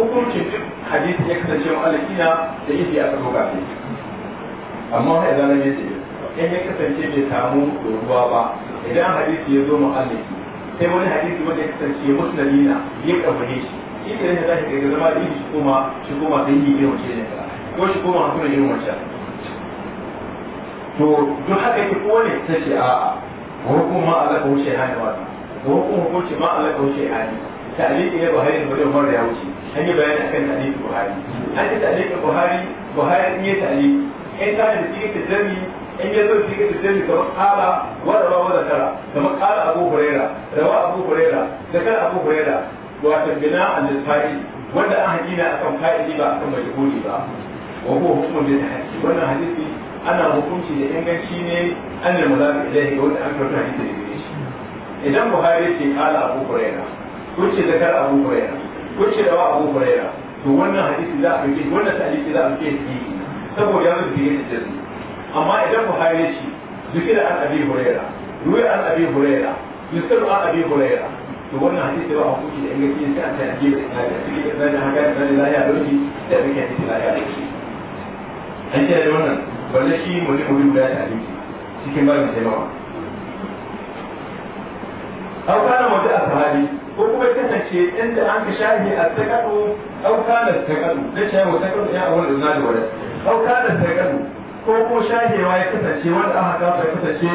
hukuncin hadisi ya kasance mu'allaf ina da yake aka zo gafe amma wani idan ya ce in ya kasance bai samu ruwa ba idan hadisi ya zo mu'alliki sai wani hadisi wanda ya kasance musulmi na ya kabare shi shi ne za shi ga zama da shi kuma shi kuma sai yi ne wace ne ko shi kuma hakuna irin wace to duk haka yake ko ne ta ce a hukum ma Allah ka wuce hani wa hukum ce ma Allah ka wuce hani ta'liqi ne Buhari da Ibn da ya wuce an yi bayani akan ta'liqi Buhari an yi ta'liqi Buhari Buhari ne ta'liqi in kana da cikin tajami in ya zo cikin tajami kamar kala wa rawa wa zakara kamar kala abu huraira rawa abu huraira zakara abu huraira wato bina al-fa'il wanda an hakina akan fa'ili ba akan majhuli ba wa hukumar da ta hadisi wannan hadisi ana hukunci da inganci ne an da mulabi ga wanda an karɓi hadisi da shi idan buhari ce kala abu huraira ko ce zakar abu huraira ko ce rawa abu huraira to wannan hadisi za a ɗauke wannan hadisi za a ɗauke shi saboda ya rufe yin jirgi amma idan ku ya shi zuki da an abi huraira ruwa an yusuf huraira yusaru an abi huraira to wannan hadisi ba hukunci da ingaci sai an ta ake da tsari a cikin zai haka da tsari lafiya da rufi sai a cikin zai lafiya da shi an ce da wannan wanda shi mulki mulki guda ta hadisi cikin barin taimawa aw kana wata ashabi ko kuma kasance inda an ka shahi a takadu aw kana takadu da shahi wa takadu ya awal da nadu auka da sarƙan ko ko shagewa ya kasance wanda aka kafa ya kasance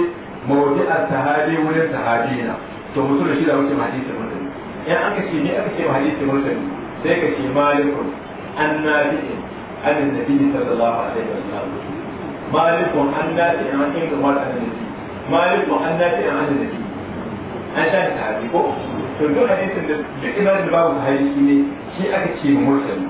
mawdi'ar sahabi wurin sahabi na to mutum da shi da wuce hadisi mutum in aka ce ne aka ce hadisi mutum sai ka ce malikun annabi'in an annabi sallallahu alaihi wasallam malikun annabi'in an inda wata annabi malikun annabi'in an annabi an sha ta hadisi ko to duk hadisin da duk imanin da babu hadisi ne shi aka ce mursali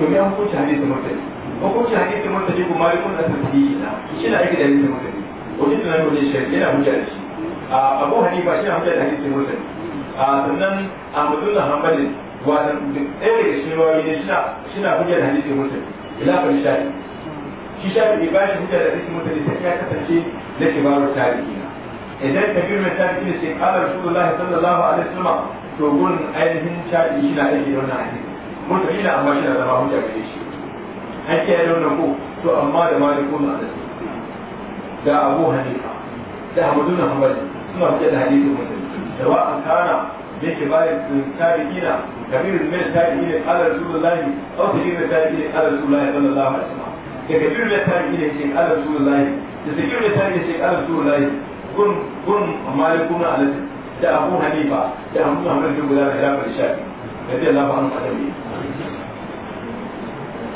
to me an kuce hadisi mursali hukuncin hadisin murtali ko malikun da tafiyi na shi na aiki da hadisin murtali wajen tunan wajen shari'a yana hujja da shi abu hanifa shi na hujja da hadisin murtali sannan a mutunan hanbalin wadan ɗaya daga cikin rawayi ne shi na hujja da hadisin murtali ilafin shafi shi shafi ba shi hujja da hadisin murtali sai ya kasance da kibarun tarihi na idan kafir mai tarihi sai kala rasulullahi sallallahu alaihi wasallam to gun ainihin tarihi shi na aiki da wannan mun murtali na amma shi na zama hujja gare shi an kiyaye da wannan ko to amma da malikun na da da abu hanifa da ahmadu na hanbali suna fiye da hadisin mutum da wa an kana da ke bayan tarihina kabirin mai tarihina ala rasulullahi au kabirin tarihina ala rasulullahi sallallahu alaihi wasallam da kabirin mai tarihina ce ala rasulullahi da kabirin mai tarihina ce ala rasulullahi kun kun malikun na da abu hanifa da abu na hanbali da gudanar da ya fara shafi radiyallahu anhu a tabi'i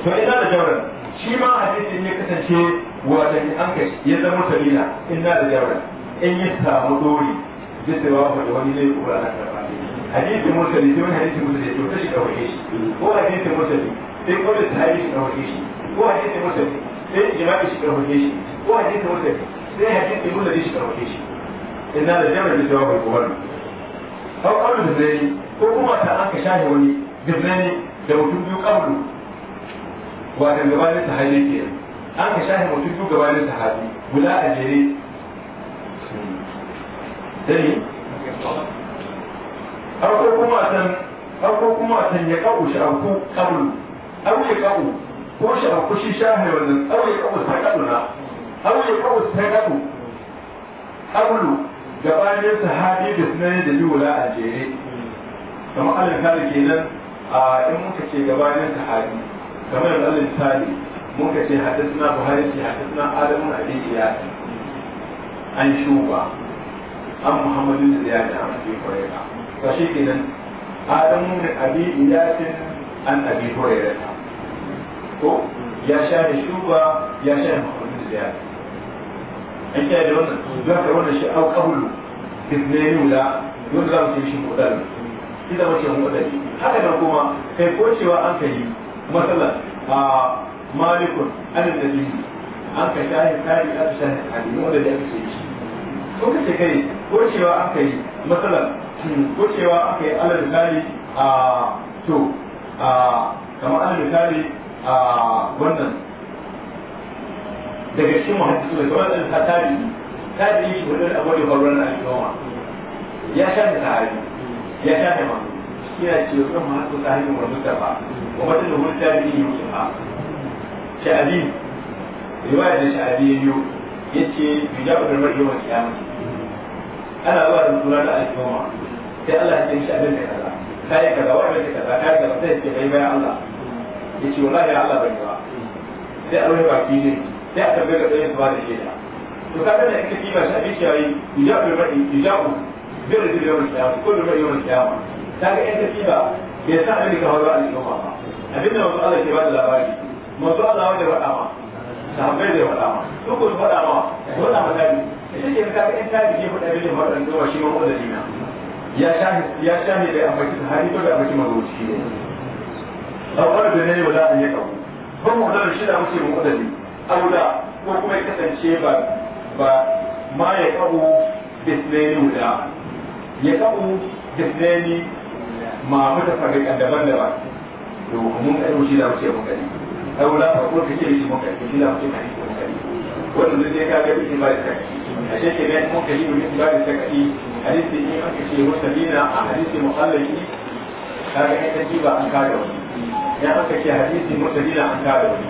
to ina da jawran shi ma hadisi ya kasance wanda an kai. ya zama sabila ina da jawran in yi samu dori zai sai wa da wani zai kura na karfa hadisi mursali sai wani hadisi mursali to ta shi kawai shi ko hadisi mursali sai kawai ta yi shi kawai shi ko hadisi mursali sai jima'i shi kawai shi ko hadisi mursali sai hadisi mursali shi kawai shi ina da jawran zai sai wa da wani hau kawai da zai ko kuma ta an ka shahe wani da da mutum biyu kawai wato gabanin sahabi ke an ka shahin mutum su gabanin sahabi guda a jere dai farko kuma san farko kuma san ya kawo shi an ku kawo abu ya kawo ko shi an ku shi shahin wannan abu ya kawo ta kawo na abu ya kawo ta kawo kawo gabanin sahabi da sunayen da liwala a jere kamar alin kare kenan a in muka ce gabanin sahabi kamar da Allah misali mun ce hadisna Buhari ce hadisna Adamu a cikin ce an shuba an Muhammadu da an fi cikin ka ta shi kenan Adamu da abi ce an abi Qurayza ko ya sha shuba ya sha Muhammadu da ce an kya da wannan za ka wannan shi au kabulu ne nuna yau za mu ce shi mudal shi da mace mudal haka nan kuma kai ko cewa an kai مثلا مالك عن النبي an ka shahin tari aka shahin hali ne wanda da aka ce ko cewa kai aka yi matsalar gocewa hmm, aka yi alal misali a to a kamar alal misali a wannan daga cikin da kamar alal wani abu da faruwar na ya shahin tari ya ma kiyaye ce kan ma hatu ta hanyar wani ba wa wata da wani tabi ne yake ba sha'abi riwaya da sha'abi ya biyo ya bi da wadda mai yawan kiyamati ana zuwa da tura da al'umma sai Allah ya ce sha'abin da kaza kai kaza wa mai kaza kai kaza sai ce kai bayan Allah ya wallahi Allah bai ba sai a rufe baki ne sai a tabbatar da yin da shaida to kaga da kake kima sha'abi shi yayi bi da wadda bi da wadda mai yawan yawan kaga yan tafiya bai san abin da kawai faru a ba abin da wasu Allah ke ba da labari masu Allah wanda faɗa ma da hambai da faɗa ma duk wani faɗa ma ma tabi ita ce kaga yan tabi ke faɗa abin da faɗa da shi ma wanda dina ya shahi ne da da hari da ne sabuwar da ne wala an kawo ba mu da shi da muke mu kudade aula ko kuma ya kasance ba ba ma ya kawo bisneni wala ya kawo ma mata farika daban-daban to mun kai shi da wuce mun gani daula ba ko kake shi mun kai shi da wuce kai shi mun gani wannan zai je ka ga bin ba da kai a shekke ne mun kai bin ba da kai hadisi ne aka ce musalina a hadisi muhallaji kaga ai ta ba an kada wani ya aka ce hadisi musalina an kada wani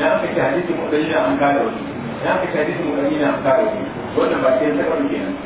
ya aka ce hadisi musalina an kada wani ya aka ce hadisi musalina an kada wani wannan ba ke sai ta kenan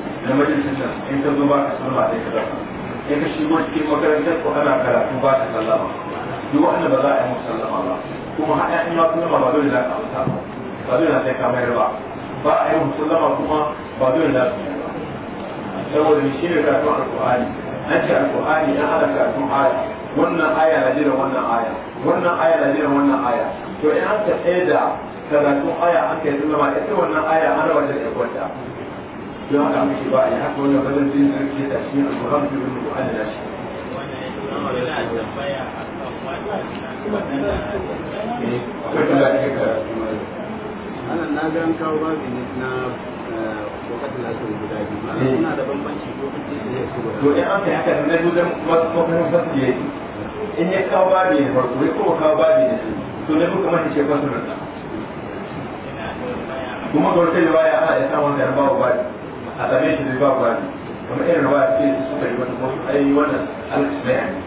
na majalisar in ka zo ba ka sallama sai ka dafa in ka shigo cikin makarantar ko ana karatu ba ka sallama duk wanda ba za a yi musu sallama ba kuma har ƴaƴan ma sallama ba dole za ka amsa ba dole sai ka mayar ba ba a yi musu sallama kuma ba dole za su yi ba saboda shi ne karatun alƙur'ani an ce alƙur'ani an hana karatun aya wannan aya na jiran wannan aya wannan aya na jiran wannan aya to in an ka tsaye da karatun aya an kai sallama ita wannan aya an raba da ƴan don a mishi ba a yi haka wannan bazan zai na ke da a tsoron fi wani bu'an da shi. Ana na gan kawo babi na lokacin lafiyar guda biyu. Ana da bambanci lokacin da ya shigo. To in an kai na dudan makarin sassu ya yi. In ya kawo babi na farko ya kuma kawo babi na To na duka mace ce fasarar kuma ga wata riwaya a ya sa wanda ya ba babi. a same shi da ba wani kuma irin ruwa ce suka yi wani wasu ai wannan alƙasmai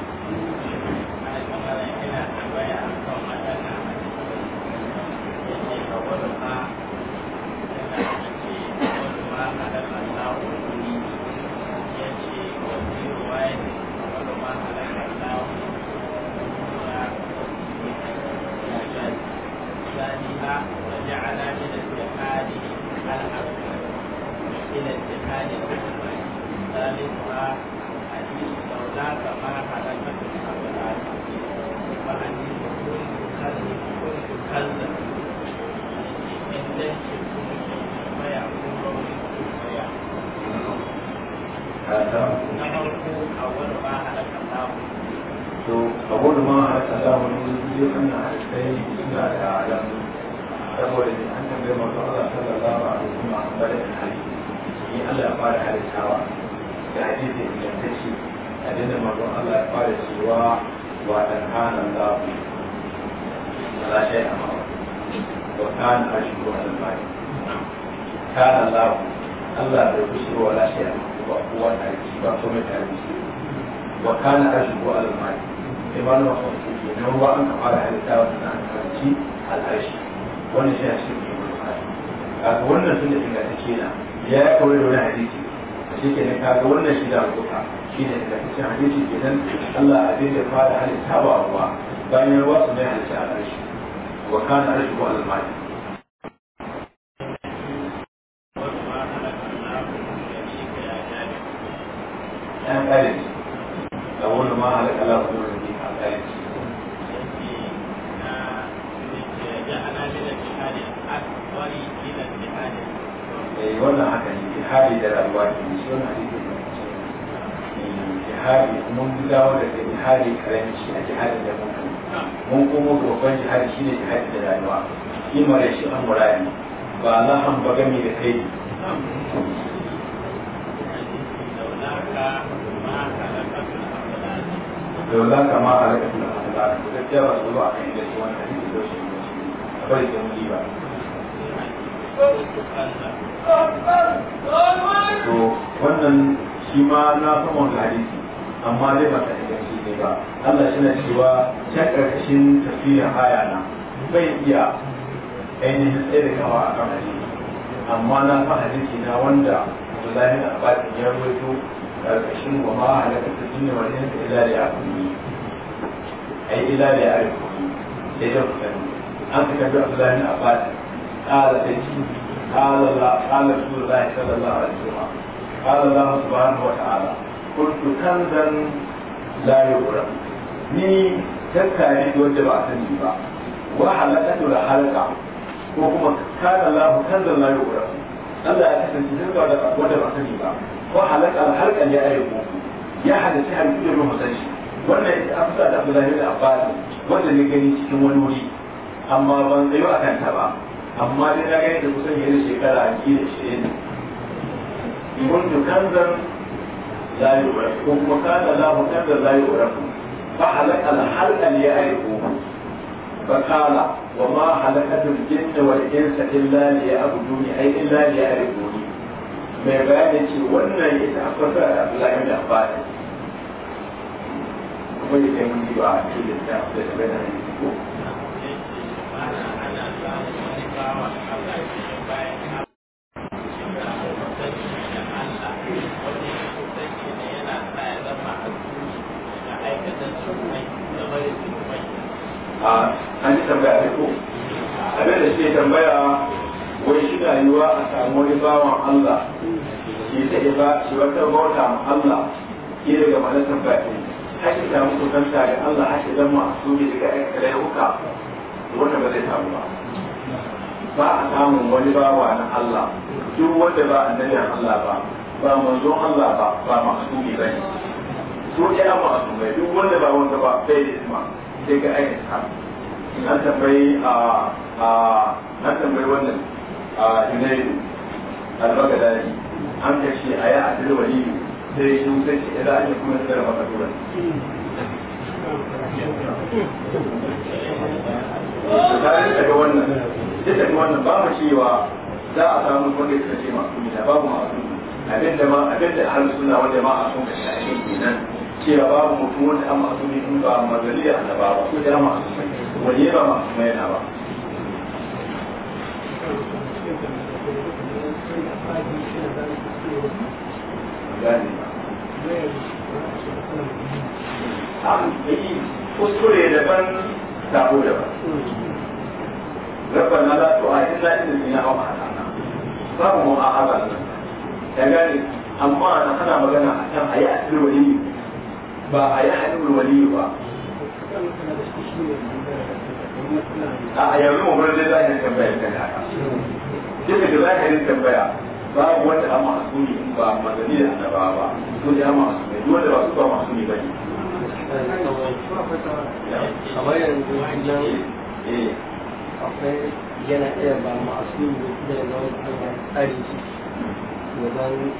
yan kare da wani ma halaka la kuma da an kare shi eh wannan haka ne jihadi da rayuwa ne shi wannan hadisi eh, ne jihadi mun dawo daga jihadi karanci a jihadin da mun mun kuma babban jihadi shine jihadi da rayuwa shi mara shi an murari ba baga bagami da kai لولا كما عليك في الأخلاق وتجاب رسول الله عن إليه وأن حديث الدوش أبرد مجيبا to wannan shi ma na kuma wani hadisi amma dai ba ta inganci ne ba Allah shi na cewa can karkashin tafiya haya na bai iya ainihin tsere kawa a kan hadisi amma na san hadisi na wanda Abdullahi a Abbas ya rawaito karkashin wa ma da duniya wani yanzu ila da ya kuni ai ila da ya kuni sai da kusan an ka a fulani a ƙala ƙala su da ya sallallahu alaihi wasallam ƙala la subhanahu wa ta'ala kuntu kanzan la ni tattare da wanda ba a sani ba wa halakatu da halaka ko kuma kana kan zan Allah ya kasance duk da wanda ba sani ba وحلق الحلقة يا أيها يا حد سحر كل shi. wannan ita an sa da Abdullahi bin Abbas wanda ne gani cikin wani wuri amma ban tsayo a kanta ba amma dai na gani da kusan yana shekara a ji da shi ne kuntu kanzan la ko kuma kana la kanzan la yura fa halaka al halqa li ya'rifu fa qala wa ma halakatu al jinna wal insa illa mai bayani ce wannan ya ta fasa da Abdullahi da Abbas kuma ya kai mun a cikin da ta da bayan hadisi ko a an yi tambaya ko abin da shi tambaya wai shi wa a samu wani bawan Allah shi ta iba shi wata bauta ma Allah ke daga malatar baki haka samu kanta da Allah haka ma su ne daga aikata huka wanda ba zai samu ba ba a samun wani bawa na Allah duk wanda ba annabi Allah ba ba zo Allah ba ba ma ba ne so ya amma asumai duk wanda ba wanda ba bai da isma sai ga aikata an tambayi ah, ah, a an tambayi wannan a junaidu al-baghdadi an ka ce a yi adil wali sai shi sai ce idan an yi kuma sai masa turan da daga wannan duk daga wannan ba mu cewa za a samu wanda ya ce masu mita babu masu abinda ma abinda ahlus sunna wal jama'a sun kashe a cikin nan cewa babu mutum wanda an masu ne ba mazali a ba ko da masu wani ba masu mai na ba gane ba a yi kuskure daban sabo daban rabban na za a yi na inda zina hau a sana mu a haɓar ya gane amma na hana magana a kan a yi asir waliyu ba a yi hannun waliyu ba a yanzu mu bar zai zahirin tambaya kan haka. Kisa da zahirin tambaya babu wanda an masumi ba madani da annaba ba to ya masumi duk wanda ba su ba masumi ba ne kamar yanzu nan eh, akwai yana iya ba masumi da kuma yana wani hanyar tsari shi wajen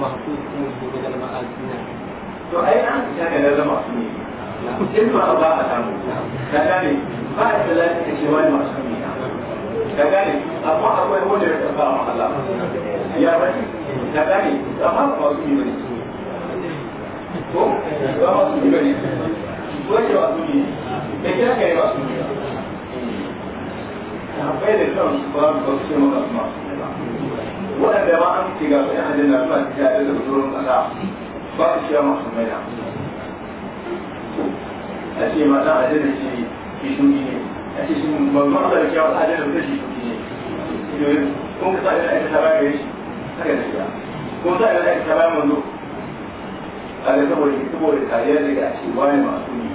mahfuz kuma shi wajen ma'azina to ai an ta ga na zama masumi in ba ba a samu ka gane ba a da lafiya cewa masumi na ka gane amma akwai wanda ya kasa a mahalla ya bari ka gane amma ba masu yi bane ko ba masu yi bane ko ya ba su yi da kira ka yi ba su yi ta haɓɓai da kan ba ba su ce maka su masu waɗanda ma an ce ga kuɗin na suna cikin ajiyar da buzurin ba su ce masu mai na a ce ma ɗan ajiyar da ke kishuni ne a ce shi ban ma da kyawun adalin da shi ne eh, kun ka sa'ila aika ta baya shi haka da shiga kun sa'ila aika ta baya manzo a ga saboda saboda kariyar daga a ce wani masu ne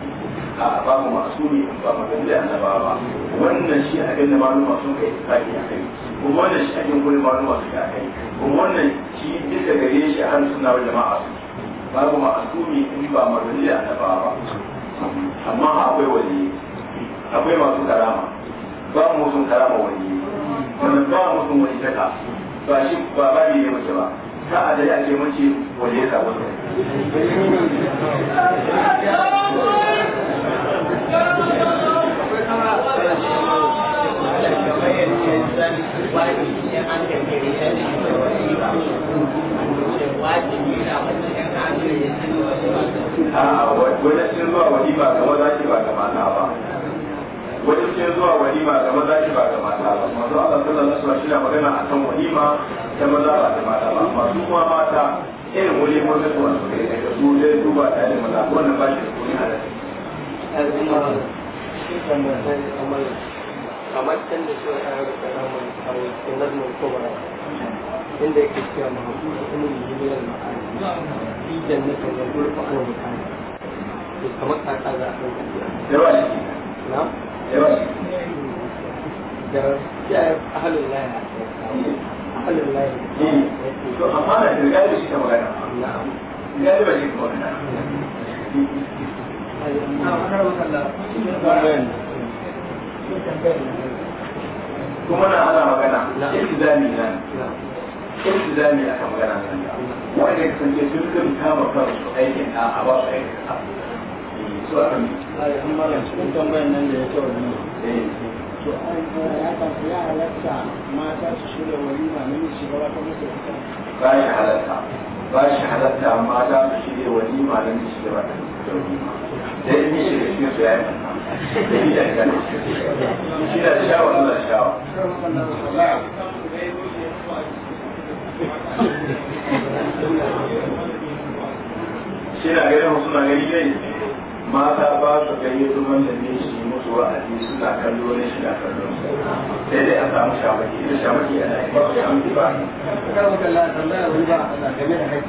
a ba mu masu ne ba magana da annaba ba wannan shi a ganin maluma sun kai tsaki a kai kuma wannan shi a yin gurin maluma sun kai a kuma wannan shi duka gare shi a hannun suna jama'a su babu ma'asumi in ba magana da annaba ba amma akwai wani akwai masu karama ba mu sun karama wani sannan ba mu sun wani taka ba shi ba ba ne mace ba ta adai ake mace wani ya samu a wajen da zuwa wani ba kamar za ba kamar na ba wani ke zuwa walima ga maza shi ba ga mata ba masu Allah sallallahu alaihi wasallam shine magana akan walima ta maza ba da mata ba masu kuma mata irin wani wanda su kai da su ne duba ta da maza wannan ba shi da kuni a kamar can da shi wata yaro da namun kawai in nazmin kobara inda yake cewa mahaifin da kuma jimiyar ma'ani fi jannatin da gurfa an mutane kamar kaka za a kan kanta. Na? da kiyaye ahalin amma na ta magana ta magana kuma na ana magana ilzami na ilzami aka magana wanda ya kasance sun kama kansu aikin a ba su aikin to a kan ai an mara cikin nan da ya ta wani eh to ai ya ya halatta mata su shirya walima ne shi gaba ta musu ba ya halatta ba shi halatta mata su shirya walima ne shi gaba ta da ni shi da shi ya yi shi da shawa Allah shawa shi na gari gari mata ba su gani zuwan da ne shi musu wa'azi suna kallo ne shi na kallo sai dai a samu shamaki ina shamaki ana yi ba su ba ka kawo kalla a tambaya wani ba a game da ina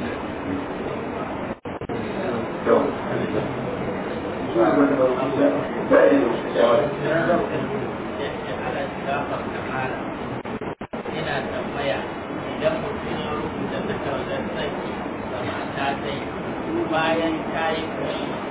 idan mutum rubuta ta bayan ta yi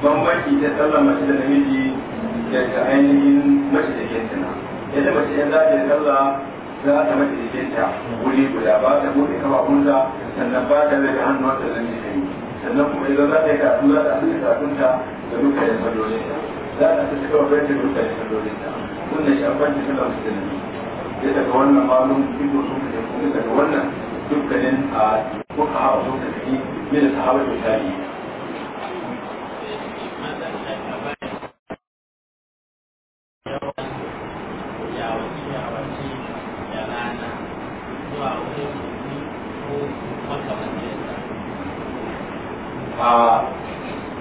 bambanci da sallar mace da namiji daga ainihin mace da jintina yadda mace yan zaɓe da sallah za ta mace da jinta wuri guda ba ta buɗe kafafunta sannan ba ta rage hannuwanta da jikin sannan kuma idan za ta yi karatu za ta fi karatunta da duka da sallolinta za ta fi cika wajen da duka da sallolinta wannan shi an banci sallar mace da namiji yadda ga wannan malum fito sun fita kuma daga wannan dukkanin a kuka hawa sun kafi min sahaba sahabar misali a mata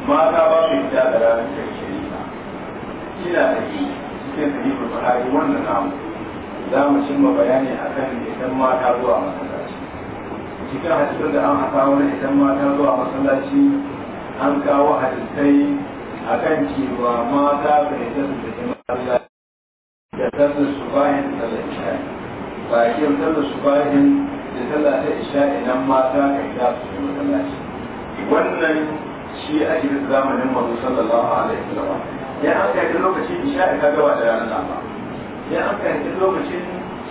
ba su fita da ranar karshe ina da shi cikin sahihul buhari wannan namu za mu cimma bayani a akan idan mata zuwa mata cikin hadisan da an haka wani idan mata zuwa masallaci an kawo hadisai kan cewa mata bai da su da jama'a da sallar su bayan sallar isha'i bakin sallar su bayan da sallar ta isha'i nan mata ka ida su da masallaci wannan shi a cikin zamanin mazu sallallahu alaihi wasallam ya an kai lokacin isha'i ka gaba da ranar ba ya an kai lokacin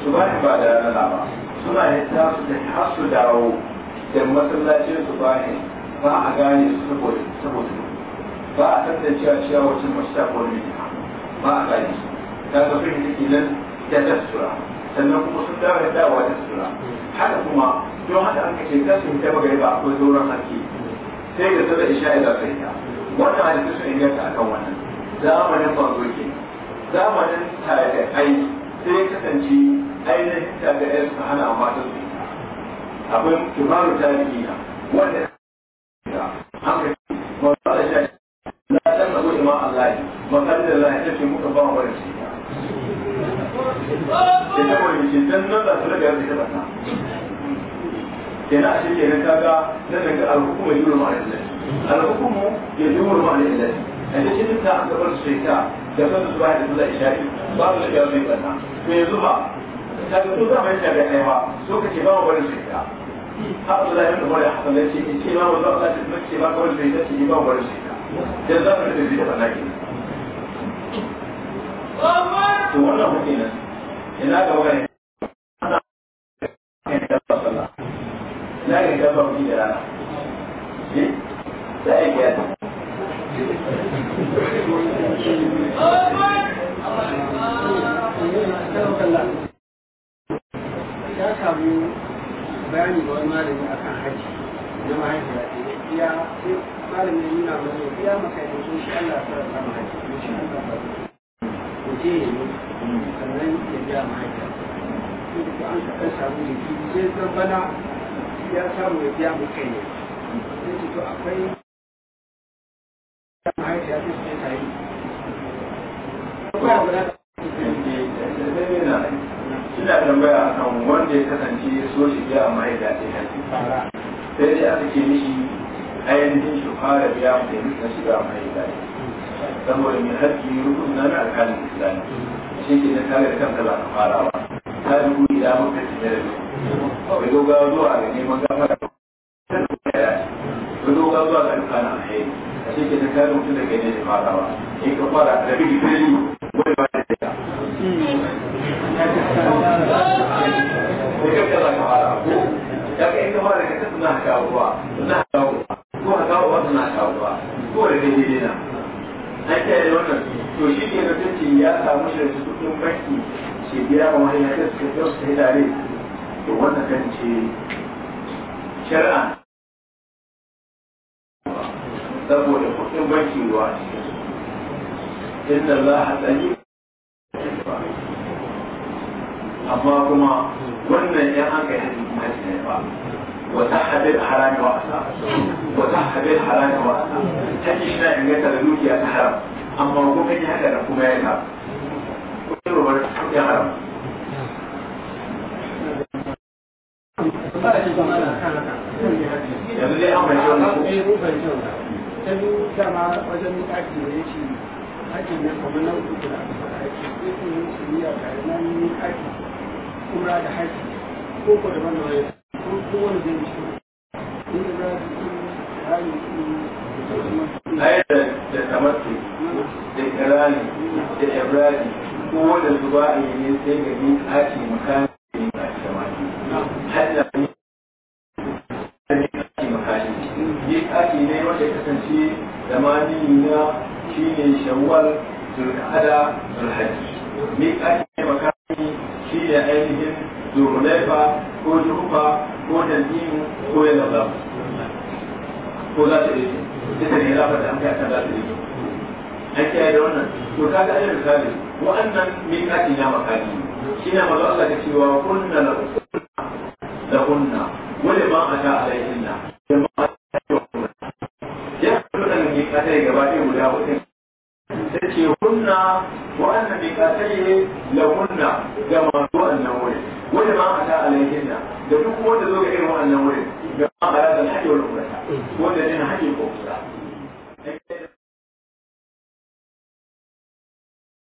su bayan ba da ranar ba suna yadda su tafi har su dawo da masallacin su bayan ba a gane su saboda ba a tantancewa cewa wacce masu shafo ne ba a gane su ta ga fi da kilan da tasura sannan kuma sun dawo da dawa da tasura haka kuma don haka an kace ta sun ta magana ba akwai sauran hakki sai da sallar isha ya zafi ta wannan hadisi sun inganta akan wannan zamanin banzo ke zamanin tare da aiki sai kasance ainihin ta ga yan su hana mata su akwai kimanin tarihi na wanda ya haka ba za a sha la san abu ima Allah makar da Allah ya ce muka ba wa shi ya ce ta wani ce dan nan da su daga yadda ta bata kenan na shi kenan kaga na daga alhukumu ya yi wani ma'ana ilai alhukumu ya yi wani ma'ana ilai yanzu shi duk gabar su da kan su ba da su da ishari ba su da mai ɓanna to yanzu ba ta ga tun zamani ta ga ɗaya ba so ka ce ba mu barin shekara ta. Abdullahi bin Umar ya hasan da ce ce ma wanzu Allah ta ce ba ka barin shekara ce ba mu barin ta. yanzu za ka da zai da ɓanna to wannan hukunan ina ga wani ina ga gaba kuɗi da rana za a yi gyara Allah ya samu bayani ga wani malami akan haji na mahaifiya ya sai malami ya nuna mana ya makaikin shi Allah ya sama haji shi Allah ya ko je ya yi sannan ya biya mahaifiya sai da an ka ɗan samu jiki sai zan bana ya samu ya biya mu kai ne sai ce to akwai mahaifiya sai su ta yi. ina tambaya akan wanda ya kasance so shi biya amma ya dace sai dai a ce mishi ainihin shi fara biya mu da mutum shi biya amma ya dace saboda mai haƙi rukun na alƙalin islami shi ke na kare kanka za ka fara ba ta dubu idan muka ci da rabu bai zo gawa zuwa ga neman gafara bai zo gawa zuwa ga alƙalin alheri shi ke na kare mutum da ne da fara ba in ka fara da biyu, da wani ba daga inda ma daga suna kawowa suna ko a kawowa suna ko an wannan to na ya samu shi da ke gida ba wani tare to wannan kan ce shari'a saboda kuɗin banki ruwa inna Allah amma kuma wannan ya haka ya hadisi kuma shi ne ba wata hadir harami wa asa wata hadir harami wa asa ki shi na inganta da dukiya ta haram amma kuma ya haka da kuma ya ka kuma ya haram yanzu dai an bai aiki kura da haiti ko ko daban da wani ko kowane zai shi za su yi rani su ayar da tamattu da kirani da ibrani ko wanda zuba ne sai ga ni ake makani ne a ne ake yi ne shine shawwal zulhada zulhaji ne. ake makani shi ne ainihin zurulaifa ko jufa ko tantimu ko yalaba ko za ta rike ita ne lafa da an kai ta za ta rike an kiyaye da wannan to ka ga ainihin misali wa'annan miƙaƙi na makani shi na mazo Allah ka cewa kunna la da kunna wani ba a ta alaihinna da ma a ta yi wa kunna ya kuma nan miƙaƙai gaba ɗaya guda wata ta ce hunna wa anna bi qatayhi la hunna ga manzo annan wurin wani ma ata alaihinna da duk wanda zo ga irin wannan wurin ga ma balagha al-hajj wal umrah wanda ne haƙi ko kusa.